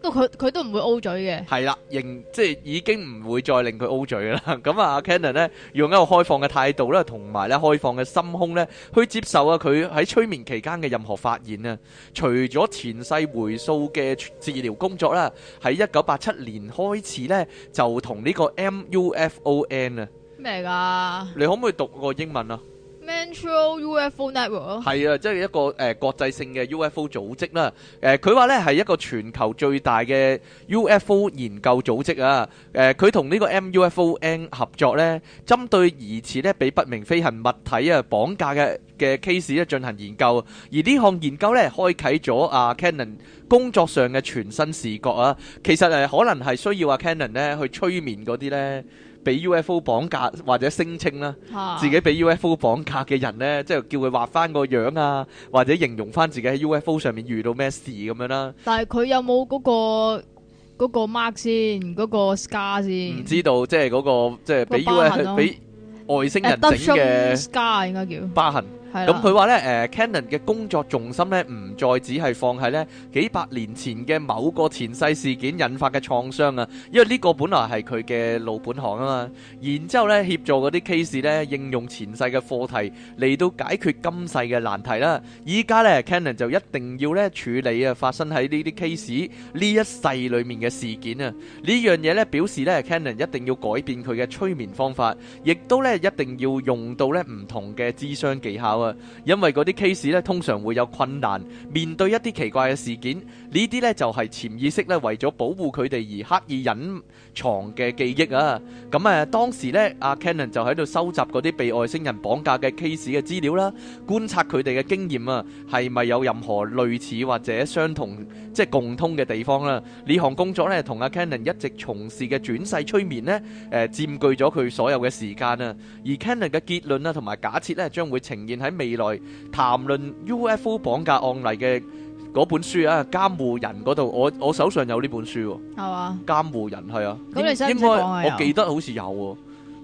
都佢佢都唔會 O 嘴嘅，係啦，仍即係已經唔會再令佢 O 嘴啦。咁啊，阿 Kenner 咧用一個開放嘅態度咧，同埋咧開放嘅心胸咧，去接受啊佢喺催眠期間嘅任何發現啊。除咗前世回溯嘅治療工作啦，喺一九八七年開始咧，就同呢個 MUFON 啊，咩㗎？你可唔可以讀個英文啊？Central UFO Network 咯，係啊，即係一個誒、呃、國際性嘅 UFO 組織啦。誒、呃，佢話咧係一個全球最大嘅 UFO 研究組織啊。誒、呃，佢同呢個 MUFON 合作咧，針對疑似咧被不明飛行物體啊綁架嘅嘅 case 咧進行研究。而呢項研究咧，開啟咗、啊、Cannon 工作上嘅全新視覺啊。其實誒，可能係需要、啊、Cannon 咧去催眠嗰啲咧。俾 UFO 綁架或者聲稱啦，自己俾 UFO 綁架嘅人咧，即係叫佢畫翻個樣啊，或者形容翻自己喺 UFO 上面遇到咩事咁樣啦。但係佢有冇嗰個嗰個 mark 先，嗰個 scar 先？唔知道，即係嗰個即係俾 U，俾外星人整嘅 scar 應該叫疤痕。咁佢話咧，誒、嗯嗯呃、Canon 嘅工作重心咧，唔再只係放喺咧幾百年前嘅某個前世事件引發嘅創傷啊，因為呢個本來係佢嘅老本行啊嘛。然之後咧，協助嗰啲 case 咧，應用前世嘅課題嚟到解決今世嘅難題啦。依家咧，Canon 就一定要咧處理啊發生喺呢啲 case 呢一世裏面嘅事件啊。件呢樣嘢咧表示咧，Canon 一定要改變佢嘅催眠方法，亦都咧一定要用到咧唔同嘅諮商技巧。因為嗰啲 case 咧，通常會有困難面對一啲奇怪嘅事件，呢啲咧就係潛意識咧為咗保護佢哋而刻意隱藏嘅記憶啊。咁誒，當時咧，阿 Cannon 就喺度收集嗰啲被外星人綁架嘅 case 嘅資料啦，觀察佢哋嘅經驗啊，係咪有任何類似或者相同即係共通嘅地方啦？呢項工作咧，同阿 Cannon 一直從事嘅轉世催眠咧，誒佔據咗佢所有嘅時間啊。而 Cannon 嘅結論啊，同埋假設咧，將會呈現喺喺未來談論 UFO 綁架案例嘅嗰本書啊，監護人嗰度，我我手上有呢本書，係嘛？監護人係啊，應該我記得好似有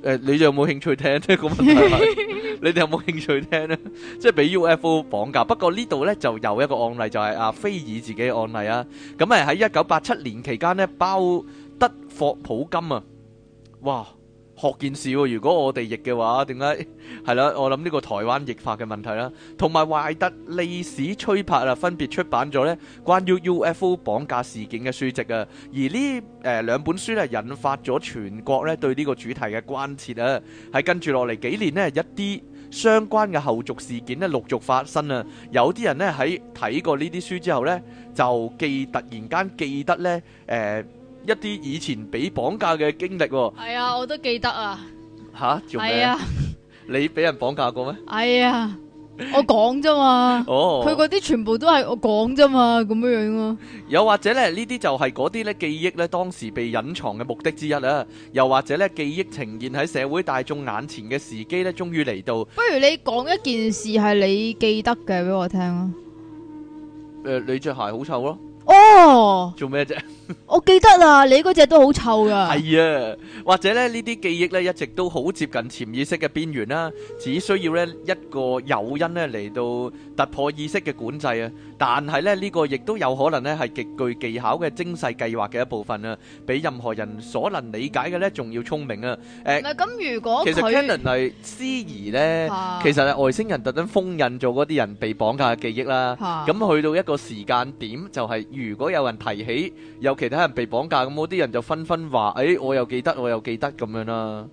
誒，你哋有冇興趣聽咧？咁個問題，你哋有冇興趣聽咧？即係俾 UFO 綁架。不過呢度咧就有一個案例，就係阿菲爾自己嘅案例啊。咁誒喺一九八七年期間咧，包德霍普金啊，哇！學件事，如果我哋譯嘅話，點解係啦？我諗呢個台灣譯法嘅問題啦，同埋懷特利史崔柏啊，分別出版咗咧，關於 UFO 綁架事件嘅書籍啊。而呢誒兩本書呢，引發咗全國咧對呢個主題嘅關切啊。喺跟住落嚟幾年呢，一啲相關嘅後續事件呢，陸續發生啊。有啲人呢，喺睇過呢啲書之後呢，就記突然間記得呢。誒、呃。一啲以前俾綁架嘅經歷、哦，係啊、哎，我都記得啊。吓，做咩？哎、呀 你俾人綁架過咩？係啊，我講啫嘛。哦，佢嗰啲全部都係我講啫嘛，咁樣樣咯。又或者咧，呢啲就係嗰啲咧記憶咧，當時被隱藏嘅目的之一啦。又或者咧，記憶呈現喺社會大眾眼前嘅時機咧，終於嚟到。不如你講一件事係你記得嘅，俾我聽啊。誒、呃，你着鞋好臭咯。哦。做咩啫？我記得啦，你嗰隻都好臭㗎。係啊，或者咧，呢啲記憶咧一直都好接近潛意識嘅邊緣啦，只需要咧一個誘因咧嚟到突破意識嘅管制啊。但係咧呢個亦都有可能咧係極具技巧嘅精細計劃嘅一部分啊，比任何人所能理解嘅咧仲要聰明啊。誒，咁如果其實 Cannon 係司儀咧，其實係外星人特登封印咗嗰啲人被綁架嘅記憶啦。咁去到一個時間點，就係如果有人提起，尤其。其他人被綁架咁，嗰啲人就紛紛話，誒，我又記得，我又記得咁樣啦。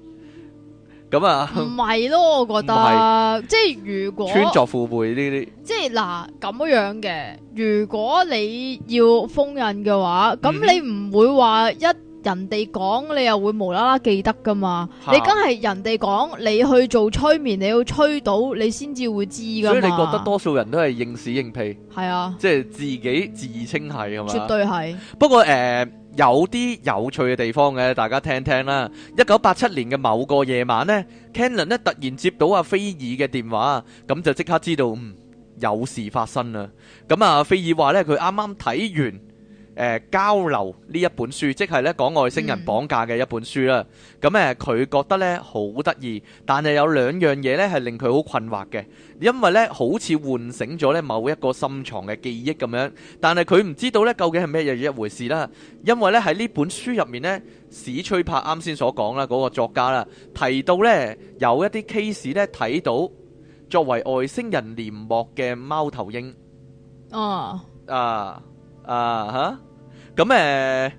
咁啊，唔係咯，我覺得，即係如果穿著父輩呢啲，即係嗱咁樣嘅，如果你要封印嘅話，咁你唔會話一。人哋講你又會無啦啦記得噶嘛？啊、你梗係人哋講你去做催眠，你要催到你先至會知噶嘛？所以你覺得多數人都係應屎應屁？係啊，即係自己自稱係係嘛？絕對係。不過誒、呃，有啲有趣嘅地方嘅，大家聽聽啦。一九八七年嘅某個夜晚呢 Kenan 咧突然接到阿菲爾嘅電話，咁就即刻知道嗯有事發生啦。咁啊，菲爾話咧佢啱啱睇完。誒、呃，交流呢一本書，即係咧講外星人綁架嘅一本書啦。咁誒、嗯，佢覺得咧好得意，但係有兩樣嘢咧係令佢好困惑嘅，因為咧好似喚醒咗咧某一個深藏嘅記憶咁樣，但係佢唔知道咧究竟係咩嘢一回事啦。因為咧喺呢本書入面咧，史崔柏啱先所講啦，嗰個作家啦提到咧有一啲 case 咧睇到作為外星人聯絡嘅貓頭鷹，哦，啊。啊吓，咁誒、uh，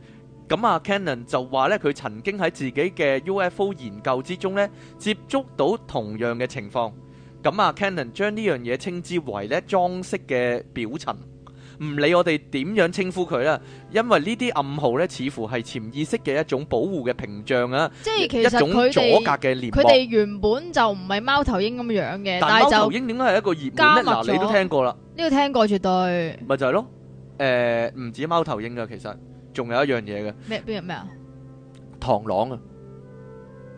咁啊 Cannon 就話咧，佢曾經喺自己嘅 UFO 研究之中咧，接觸到同樣嘅情況。咁啊 Cannon 將呢樣嘢稱之為咧裝飾嘅表層，唔理我哋點樣稱呼佢啦，因為呢啲暗號咧，似乎係潛意識嘅一種保護嘅屏障啊，即係其實佢哋佢哋原本就唔係貓頭鷹咁樣嘅，但係貓頭鷹點解係一個熱門咧？嗱，你都聽過啦，呢個聽過絕對，咪就係咯。誒，唔止貓頭鷹噶，其實仲有一樣嘢嘅。咩？咩啊？螳螂啊，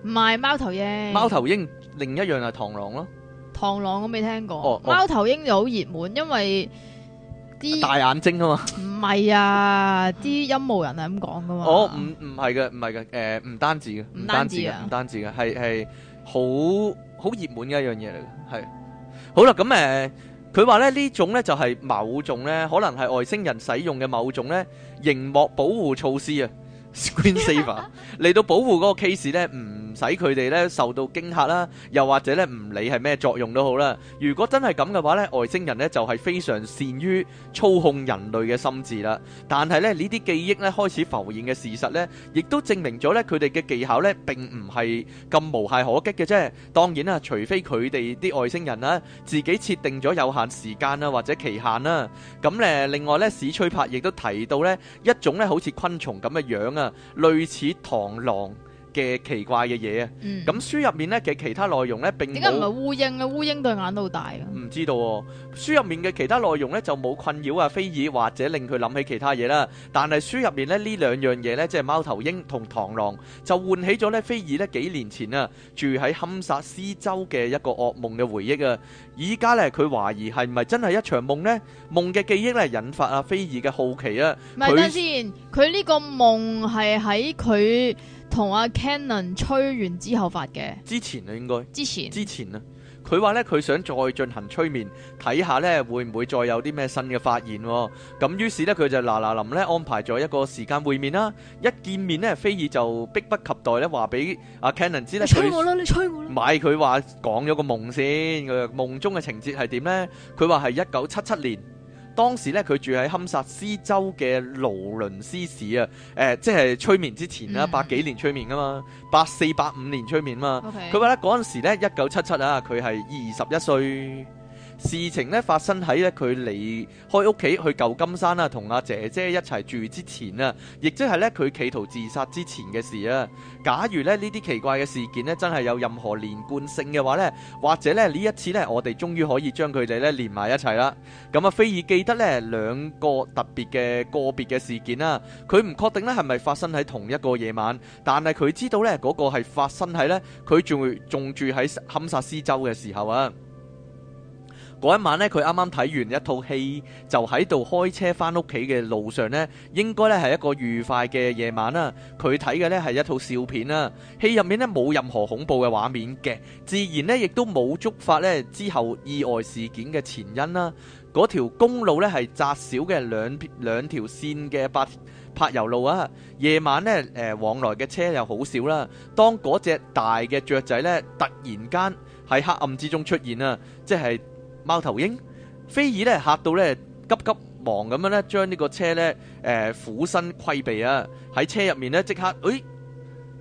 唔係貓頭鷹。貓頭鷹另一樣係螳螂咯。螳螂我未聽過。哦，哦、貓頭鷹就好熱門，因為啲大眼睛嘛啊嘛。唔係啊，啲陰謀人係咁講噶嘛。哦，唔唔係嘅，唔係嘅，誒，呃、唔單止嘅，唔單止嘅，唔單止嘅，係係好好熱門嘅一樣嘢嚟嘅，係。好啦，咁、嗯、誒。嗯佢話咧呢種咧就係、是、某種咧，可能係外星人使用嘅某種咧熒幕保護措施啊，screen saver，嚟 到保護嗰個 case 咧唔。使佢哋咧受到驚嚇啦，又或者咧唔理係咩作用都好啦。如果真係咁嘅話咧，外星人咧就係非常善於操控人類嘅心智啦。但係咧呢啲記憶咧開始浮現嘅事實咧，亦都證明咗咧佢哋嘅技巧咧並唔係咁無懈可擊嘅啫。當然啦，除非佢哋啲外星人啦自己設定咗有限時間啦或者期限啦。咁咧另外咧史翠柏亦都提到咧一種咧好似昆蟲咁嘅樣啊，類似螳螂。嘅奇怪嘅嘢啊！咁、嗯、書入面咧嘅其他內容呢，並點解唔係烏蠅啊？烏蠅對眼都好大啊！唔知道哦。書入面嘅其他內容呢，就冇困擾阿菲爾或者令佢諗起其他嘢啦。但係書入面咧呢兩樣嘢呢，即係貓頭鷹同螳螂，就喚起咗呢菲爾呢幾年前啊住喺堪薩斯州嘅一個噩夢嘅回憶啊！而家呢，佢懷疑係唔係真係一場夢呢？夢嘅記憶咧引發阿菲爾嘅好奇啊！唔係等先等 他，佢呢個夢係喺佢。同阿 Cannon 吹完之後發嘅，之前啊，應該，之前，之前啊，佢話咧佢想再進行催眠，睇下咧會唔會再有啲咩新嘅發現，哦，咁於是咧佢就嗱嗱臨咧安排咗一個時間會面啦，一見面咧菲爾就迫不及待咧話俾阿 Cannon 知咧，你催我咯，你催我咯，買佢話講咗個夢先，夢中嘅情節係點咧？佢話係一九七七年。當時咧，佢住喺堪薩斯州嘅勞倫斯市啊，誒、呃，即係催眠之前啦、啊，嗯、八幾年催眠㗎、啊、嘛，八四八五年催眠嘛。佢話咧嗰陣時咧，一九七七啊，佢係二十一歲。事情咧發生喺咧佢離開屋企去舊金山啊，同阿姐姐一齊住之前啊，亦即係咧佢企圖自殺之前嘅事啊。假如咧呢啲奇怪嘅事件咧真係有任何連貫性嘅話咧，或者咧呢一次咧我哋終於可以將佢哋咧連埋一齊啦。咁啊，菲爾記得咧兩個特別嘅個別嘅事件啦，佢唔確定咧係咪發生喺同一個夜晚，但係佢知道咧嗰個係發生喺咧佢仲會仲住喺堪薩斯州嘅時候啊。嗰一晚咧，佢啱啱睇完一套戲，就喺度開車返屋企嘅路上呢，應該咧係一個愉快嘅夜晚啦。佢睇嘅呢係一套笑片啦，戲入面呢冇任何恐怖嘅畫面嘅，自然呢亦都冇觸發呢之後意外事件嘅前因啦。嗰條公路呢係窄小嘅兩兩條線嘅柏柏油路啊，夜晚呢，誒、呃、往來嘅車又好少啦。當嗰隻大嘅雀仔呢突然間喺黑暗之中出現啊，即係。貓頭鷹，飛爾咧嚇到咧，急急忙咁樣咧，將呢個車咧、呃，俯身規避啊，喺車入面咧即刻，哎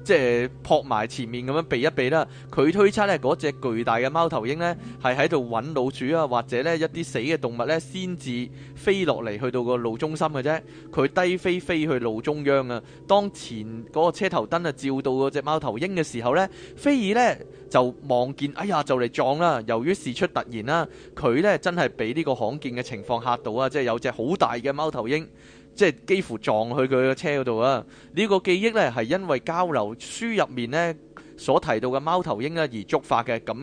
即係撲埋前面咁樣避一避啦。佢推測呢嗰隻巨大嘅貓頭鷹呢係喺度揾老鼠啊，或者呢一啲死嘅動物呢先至飛落嚟去到個路中心嘅啫。佢低飛飛去路中央啊。當前嗰個車頭燈啊照到嗰隻貓頭鷹嘅時候呢，菲爾呢就望見，哎呀就嚟撞啦！由於事出突然啦、啊，佢呢真係俾呢個罕見嘅情況嚇到啊！即係有隻好大嘅貓頭鷹。即係幾乎撞去佢嘅車嗰度啊！呢個記憶咧係因為交流書入面咧所提到嘅貓頭鷹咧而觸發嘅。咁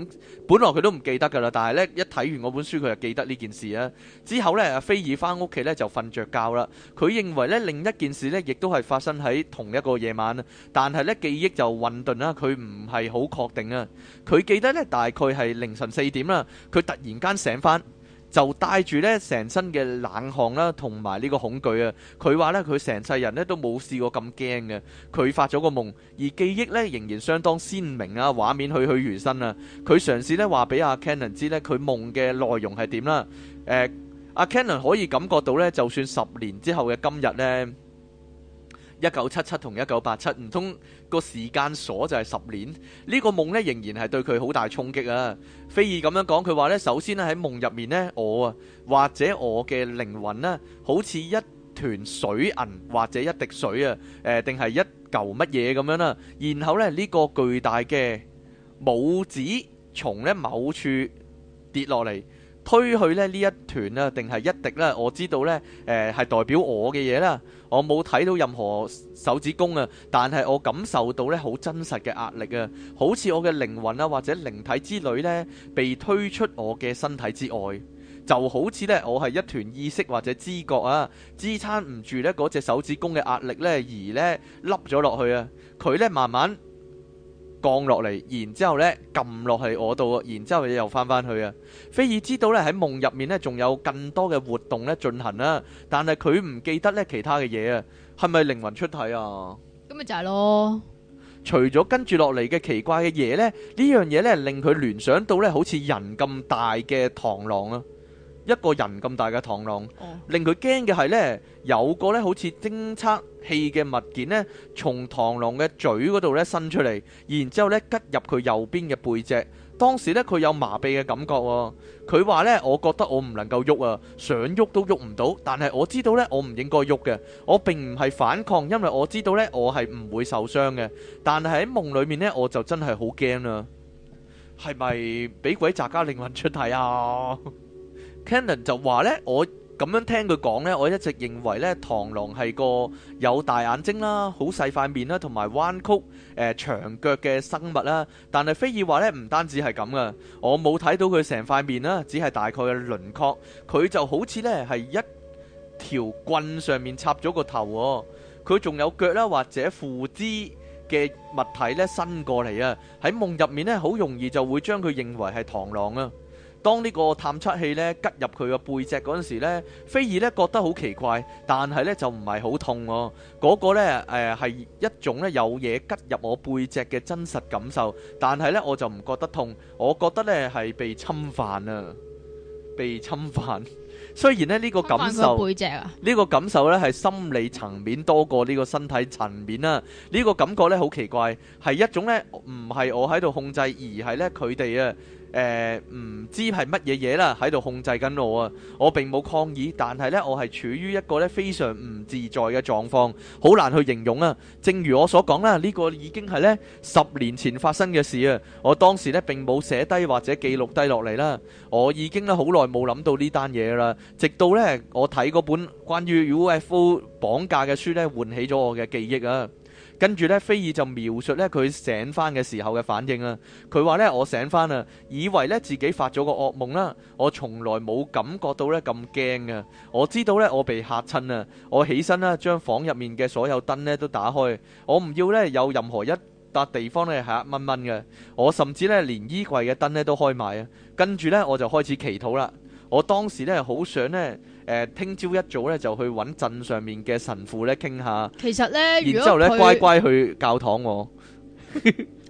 本來佢都唔記得㗎啦，但係咧一睇完嗰本書佢就記得呢件事啊。之後咧阿菲爾翻屋企咧就瞓著覺啦。佢認為咧另一件事咧亦都係發生喺同一個夜晚啊，但係咧記憶就混濁啦，佢唔係好確定啊。佢記得咧大概係凌晨四點啦，佢突然間醒翻。就帶住咧成身嘅冷汗啦，同埋呢個恐懼啊！佢話咧佢成世人咧都冇試過咁驚嘅。佢發咗個夢，而記憶咧仍然相當鮮明啊，畫面栩栩如生啊！佢嘗試咧話俾阿 Cannon 知咧佢夢嘅內容係點啦。誒，阿 Cannon 可以感覺到咧，就算十年之後嘅今日咧。一九七七同一九八七，唔通個時間鎖就係十年？呢個夢呢仍然係對佢好大衝擊啊！菲爾咁樣講，佢話呢首先呢喺夢入面呢，我啊或者我嘅靈魂呢，好似一團水銀或者一滴水啊，誒定係一嚿乜嘢咁樣啦。然後呢，呢個巨大嘅拇指從呢某處跌落嚟，推去呢呢一團啊定係一滴啦。我知道呢誒係代表我嘅嘢啦。我冇睇到任何手指公啊，但係我感受到呢好真實嘅壓力啊，好似我嘅靈魂啊或者靈體之類呢，被推出我嘅身體之外，就好似呢我係一團意識或者知覺啊，支撐唔住呢嗰隻手指公嘅壓力呢，而呢凹咗落去啊，佢呢慢慢。降落嚟，然之後呢撳落去我度，然之後又翻返去啊！菲爾知道呢喺夢入面呢仲有更多嘅活動呢進行啦，但係佢唔記得呢其他嘅嘢啊，係咪靈魂出體啊？咁咪就係咯，除咗跟住落嚟嘅奇怪嘅嘢呢，呢樣嘢呢令佢聯想到呢好似人咁大嘅螳螂啊！一個人咁大嘅螳螂，令佢驚嘅係咧，有個咧好似偵測器嘅物件咧，從螳螂嘅嘴嗰度咧伸出嚟，然之後咧吉入佢右邊嘅背脊。當時咧佢有麻痹嘅感覺，佢話咧，我覺得我唔能夠喐啊，想喐都喐唔到。但係我知道咧，我唔應該喐嘅，我並唔係反抗，因為我知道咧，我係唔會受傷嘅。但係喺夢裏面咧，我就真係好驚啊。係咪俾鬼宅家靈魂出體啊？Kenan 就話咧，我咁樣聽佢講咧，我一直認為咧螳螂係個有大眼睛啦，好細塊面啦，同埋彎曲、呃、長腳嘅生物啦。但係菲爾話咧，唔單止係咁噶，我冇睇到佢成塊面啦，只係大概嘅輪廓，佢就好似咧係一條棍上面插咗個頭，佢仲有腳啦或者附肢嘅物體咧伸過嚟啊！喺夢入面咧，好容易就會將佢認為係螳螂啊。當呢個探測器咧吉入佢個背脊嗰陣時咧，菲爾咧覺得好奇怪，但係咧就唔係好痛哦。嗰個咧誒係一種咧有嘢吉入我背脊嘅真實感受，但係咧我就唔覺得痛，我覺得咧係被侵犯啊，被侵犯。雖然咧呢個感受背脊啊，呢個感受咧係心理層面多過呢個身體層面啊。呢個感覺咧好奇怪，係一種咧唔係我喺度控制，而係咧佢哋啊。誒，唔、呃、知係乜嘢嘢啦，喺度控制緊我啊！我並冇抗議，但係呢，我係處於一個非常唔自在嘅狀況，好難去形容啊！正如我所講啦，呢、呢個已經係呢十年前發生嘅事啊！我當時呢，並冇寫低或者記錄低落嚟啦，我已經好耐冇諗到呢單嘢啦，直到呢，我睇嗰本關於 UFO 綁架嘅書呢，喚起咗我嘅記憶啊！跟住咧，菲爾就描述咧佢醒翻嘅時候嘅反應啦。佢話咧：我醒翻啦，以為咧自己發咗個噩夢啦。我從來冇感覺到咧咁驚啊。我知道咧我被嚇親啦。我起身啦，將房入面嘅所有燈咧都打開。我唔要咧有任何一笪地方咧係黑蚊蚊嘅。我甚至咧連衣櫃嘅燈咧都開埋啊。跟住咧我就開始祈禱啦。我當時咧好想咧。誒，聽朝、呃、一早咧就去搵鎮上面嘅神父咧傾下，其實呢然之後咧乖乖去教堂喎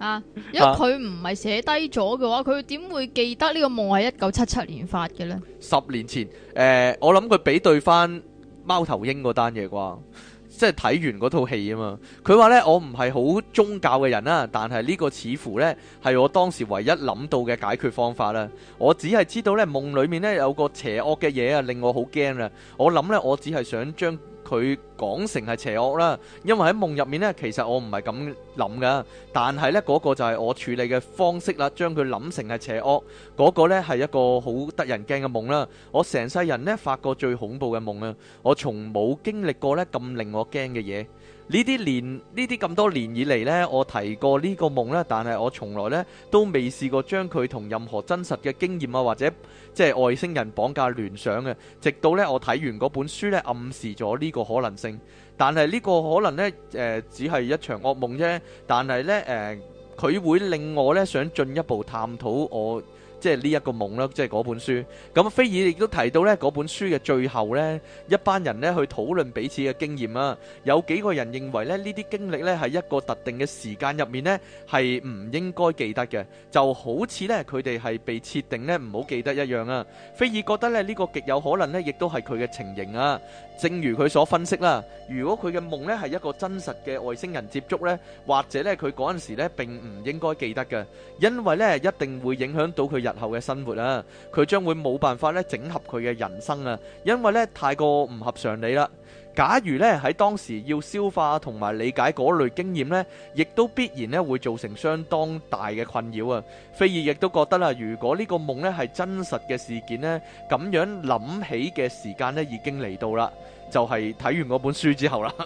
啊，因為佢唔係寫低咗嘅話，佢點會記得呢個夢係一九七七年發嘅呢？十年前，誒、呃，我諗佢比對翻貓頭鷹嗰單嘢啩。 即係睇完嗰套戲啊嘛，佢話咧我唔係好宗教嘅人啦，但係呢個似乎咧係我當時唯一諗到嘅解決方法啦。我只係知道咧夢裡面咧有個邪惡嘅嘢啊，令我好驚啊。我諗咧我只係想將佢講成係邪惡啦，因為喺夢入面呢，其實我唔係咁諗噶，但係呢嗰個就係我處理嘅方式啦，將佢諗成係邪惡，嗰個呢係一個好得人驚嘅夢啦。我成世人呢發過最恐怖嘅夢啊，我從冇經歷過呢咁令我驚嘅嘢。呢啲年，呢啲咁多年以嚟呢，我提過呢個夢呢，但係我從來呢都未試過將佢同任何真實嘅經驗啊，或者即係外星人綁架聯想嘅，直到呢，我睇完嗰本書呢，暗示咗呢個可能性。但係呢個可能呢，呃、只係一場噩夢啫。但係呢，呃、佢會令我呢想進一步探討我。即係呢一個夢啦，即係嗰本書。咁菲爾亦都提到呢嗰本書嘅最後呢，一班人去討論彼此嘅經驗啊。有幾個人認為咧，呢啲經歷呢係一個特定嘅時間入面呢係唔應該記得嘅，就好似呢佢哋係被設定呢唔好記得一樣啊。菲爾覺得呢呢個極有可能呢，亦都係佢嘅情形啊。正如佢所分析啦，如果佢嘅夢呢，係一個真實嘅外星人接觸呢，或者呢，佢嗰陣時呢，並唔應該記得嘅，因為呢，一定會影響到佢日後嘅生活啦。佢將會冇辦法咧整合佢嘅人生啊，因為呢，太過唔合常理啦。假如咧喺當時要消化同埋理解嗰類經驗咧，亦都必然咧會造成相當大嘅困擾啊！菲爾亦都覺得啦，如果呢個夢咧係真實嘅事件呢，咁樣諗起嘅時間呢已經嚟到啦，就係、是、睇完嗰本書之後啦。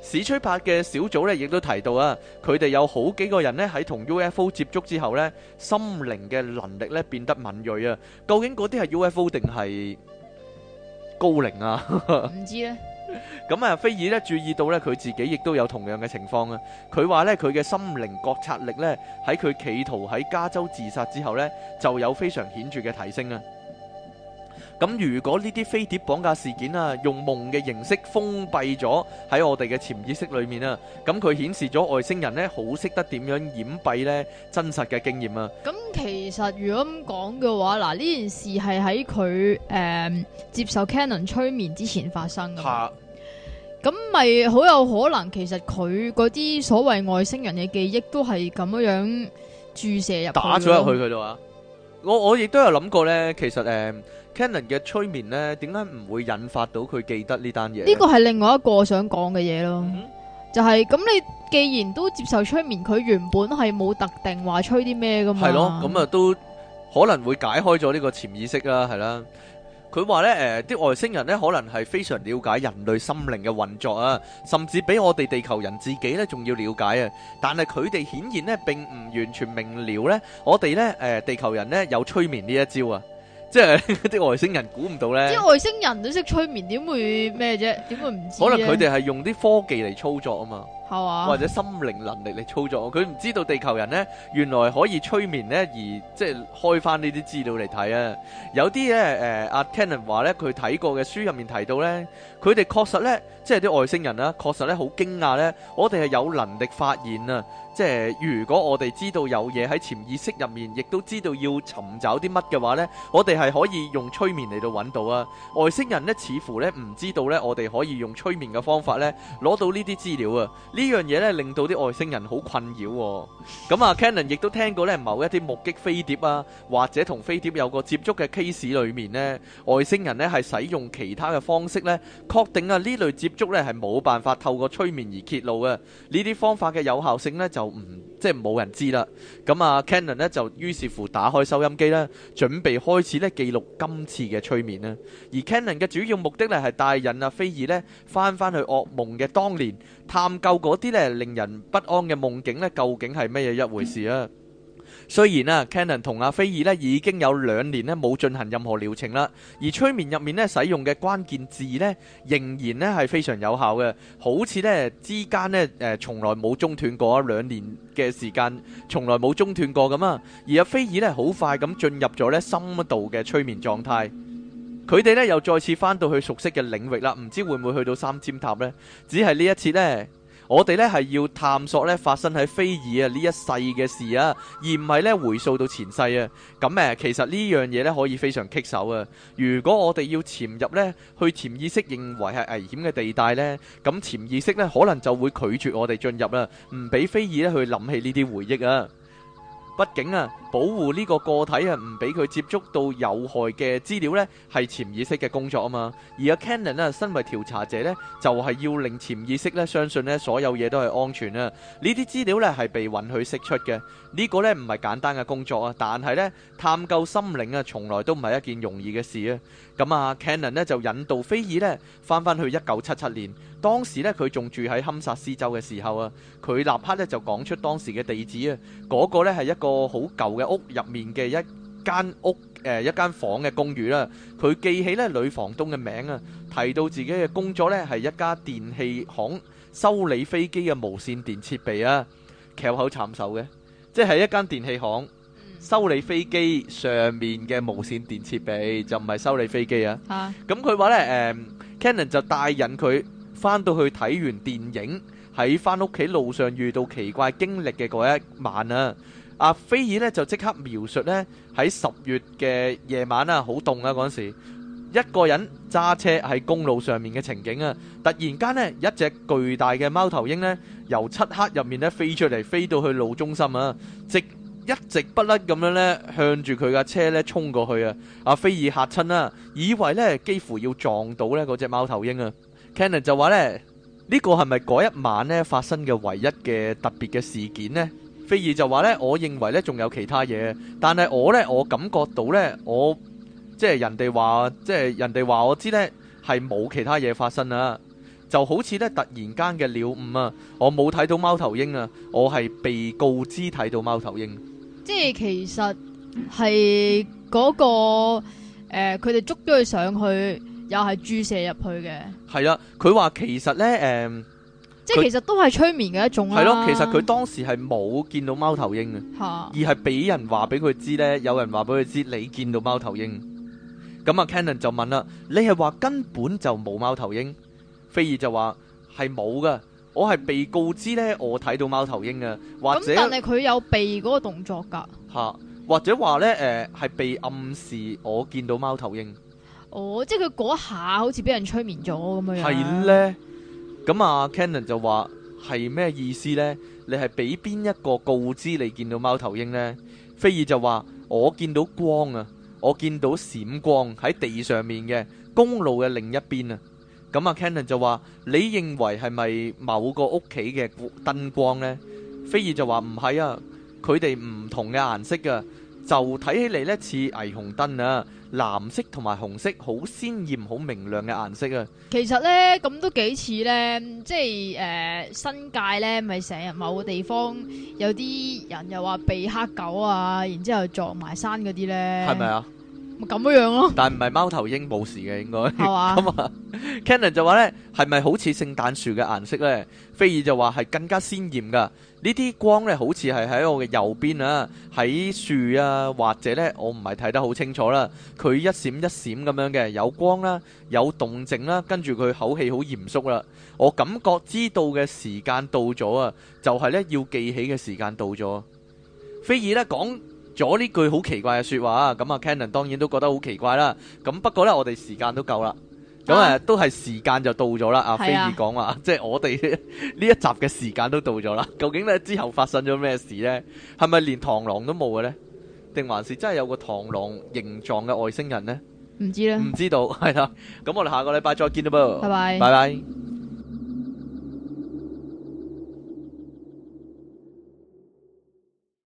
史崔拍嘅小組咧亦都提到啊，佢哋有好幾個人呢，喺同 UFO 接觸之後呢，心靈嘅能力咧變得敏銳啊！究竟嗰啲係 UFO 定係？高齡啊， 唔知咧。咁啊，菲爾咧注意到咧，佢自己亦都有同樣嘅情況啊。佢話咧，佢嘅心靈覺察力咧，喺佢企圖喺加州自殺之後咧，就有非常顯著嘅提升啊。咁如果呢啲飛碟綁架事件啊，用夢嘅形式封閉咗喺我哋嘅潛意識裏面啊，咁佢顯示咗外星人呢好識得點樣掩蔽呢真實嘅經驗啊。咁其實如果咁講嘅話，嗱，呢件事係喺佢誒接受 Cannon 催眠之前發生嘅。咁咪好有可能其實佢嗰啲所謂外星人嘅記憶都係咁樣注射入去打咗入去佢度啊。我我亦都有諗過呢，其實誒。嗯 Cannon 嘅催眠呢，點解唔會引發到佢記得呢單嘢？呢個係另外一個想講嘅嘢咯，mm hmm. 就係、是、咁。你既然都接受催眠，佢原本係冇特定話催啲咩㗎嘛？係咯，咁啊都可能會解開咗呢個潛意識啊，係啦。佢話呢啲、呃、外星人呢，可能係非常了解人類心靈嘅運作啊，甚至比我哋地球人自己呢仲要了解啊。但係佢哋顯然呢，並唔完全明瞭呢。我哋呢、呃，地球人呢，有催眠呢一招啊。即係啲外星人估唔到咧，啲外星人都識催眠，點會咩啫？點會唔知？可能佢哋係用啲科技嚟操作啊嘛。或者心靈能力嚟操作，佢唔知道地球人呢，原來可以催眠呢，而即係開翻呢啲資料嚟睇啊！有啲咧，誒阿 Tanner 話呢，佢睇過嘅書入面提到呢，佢哋確實呢，即係啲外星人啊，確實呢好驚訝呢，我哋係有能力發現啊！即係如果我哋知道有嘢喺潛意識入面，亦都知道要尋找啲乜嘅話呢，我哋係可以用催眠嚟到揾到啊！外星人呢，似乎呢唔知道呢，我哋可以用催眠嘅方法呢，攞到呢啲資料啊！呢樣嘢咧令到啲外星人好困擾喎，咁啊 Cannon 亦都聽過咧某一啲目擊飛碟啊，或者同飛碟有個接觸嘅 case 裏面咧，外星人咧係使用其他嘅方式咧確定啊呢類接觸咧係冇辦法透過催眠而揭露嘅，呢啲方法嘅有效性咧就唔即係冇人知啦。咁啊 Cannon 咧就於是乎打開收音機咧，準備開始咧記錄今次嘅催眠啊。而 Cannon 嘅主要目的咧係帶引啊菲爾咧翻返去惡夢嘅當年探究個。嗰啲咧令人不安嘅夢境咧，究竟係咩嘢一回事啊？雖然啊，Cannon 同阿菲爾咧已經有兩年咧冇進行任何療程啦，而催眠入面咧使用嘅關鍵字咧，仍然咧係非常有效嘅，好似咧之間咧誒從來冇中斷過啊，兩年嘅時間從來冇中斷過咁啊。而阿菲爾咧好快咁進入咗咧深度嘅催眠狀態，佢哋咧又再次返到去熟悉嘅領域啦，唔知會唔會去到三尖塔咧？只係呢一次咧。我哋咧係要探索咧發生喺菲爾啊呢一世嘅事啊，而唔係咧回溯到前世啊。咁誒，其實呢樣嘢咧可以非常棘手啊。如果我哋要潛入咧去潛意識認為係危險嘅地帶咧，咁潛意識咧可能就會拒絕我哋進入啦，唔俾菲爾咧去諗起呢啲回憶啊。畢竟啊，保護呢個個體啊，唔俾佢接觸到有害嘅資料呢，係潛意識嘅工作啊嘛。而阿 Cannon 咧，身為調查者呢就係要令潛意識咧相信呢，所有嘢都係安全啊。呢啲資料呢係被允許釋出嘅。呢個呢唔係簡單嘅工作啊，但係呢探究心靈啊，從來都唔係一件容易嘅事啊。咁啊，Cannon 呢就引導菲爾呢翻返去一九七七年，當時呢，佢仲住喺堪薩斯州嘅時候啊，佢立刻呢就講出當時嘅地址、那個呃、啊。嗰個呢係一個好舊嘅屋入面嘅一間屋誒一間房嘅公寓啦。佢記起呢女房東嘅名啊，提到自己嘅工作呢係一家電器行修理飛機嘅無線電設備啊，翹口鏟手嘅。即係一間電器行，修理飛機上面嘅無線電設備，就唔係修理飛機啊。咁佢話咧，誒，Cannon 就帶引佢翻到去睇完電影，喺翻屋企路上遇到奇怪經歷嘅嗰一晚啊。阿菲爾咧就即刻描述咧，喺十月嘅夜晚啊，好凍啊嗰陣時。一個人揸車喺公路上面嘅情景啊！突然間呢，一隻巨大嘅貓頭鷹呢，由漆黑入面咧飛出嚟，飛到去路中心啊！直一直不甩咁樣呢，向住佢架車呢衝過去啊！阿菲爾嚇親啊，以為呢幾乎要撞到呢嗰隻貓頭鷹啊！Cannon 就話呢，呢個係咪嗰一晚呢發生嘅唯一嘅特別嘅事件呢？菲爾就話呢，我認為呢仲有其他嘢，但係我呢，我感覺到呢。我。即係人哋話，即係人哋話我知呢係冇其他嘢發生啊！就好似呢突然間嘅了悟啊，我冇睇到貓頭鷹啊，我係被告知睇到貓頭鷹。即係其實係嗰個誒，佢哋捉咗佢上去，又係注射入去嘅。係啦，佢話其實呢，誒，即係其實都係催眠嘅一種啦。係咯，其實佢當時係冇見到貓頭鷹嘅，而係俾人話俾佢知呢。有人話俾佢知你見到貓頭鷹。咁啊，Cannon 就問啦：你係話根本就冇貓頭鷹？菲爾就話係冇噶，我係被告知咧，我睇到貓頭鷹啊。或者但係佢有避嗰個動作噶。吓或者話咧，係、呃、被暗示我見到貓頭鷹。哦，即係佢嗰下好似俾人催眠咗咁樣。係咧。咁啊 Cannon 就話係咩意思咧？你係俾邊一個告知你見到貓頭鷹咧？菲爾就話我見到光啊。我見到閃光喺地上面嘅公路嘅另一邊啊，咁啊，Cannon 就話：「你認為係咪某個屋企嘅燈光呢？」菲爾就話：「唔係啊，佢哋唔同嘅顏色啊。」就睇起嚟呢，似霓虹燈啊。藍色同埋紅色，好鮮艷、好明亮嘅顏色啊！其實咧，咁都幾似咧，即係誒，新界咧，咪成日某個地方有啲人又話避黑狗啊，然之後撞埋山嗰啲咧，係咪啊？咪咁樣樣咯。但係唔係貓頭鷹冇事嘅，應該係嘛？咁啊，Cannon 就話咧，係咪好似聖誕樹嘅顏色咧？菲爾就話係更加鮮艷噶。呢啲光呢，好似係喺我嘅右邊啊！喺樹啊，或者呢，我唔係睇得好清楚啦。佢一閃一閃咁樣嘅，有光啦，有動靜啦。跟住佢口氣好嚴肅啦，我感覺知道嘅時間到咗啊，就係呢要記起嘅時間到咗。菲爾呢講咗呢句好奇怪嘅說話啊，咁啊，Cannon 當然都覺得好奇怪啦。咁不過呢，我哋時間都夠啦。咁啊，嗯、都係時間就到咗啦！阿、啊啊、菲兒講話，即係我哋呢一集嘅時間都到咗啦。究竟咧之後發生咗咩事呢？係咪連螳螂都冇嘅呢？定還是真係有個螳螂形狀嘅外星人呢？唔知咧，唔知道，係啦、啊。咁我哋下個禮拜再見到噃。拜拜 bye，拜拜。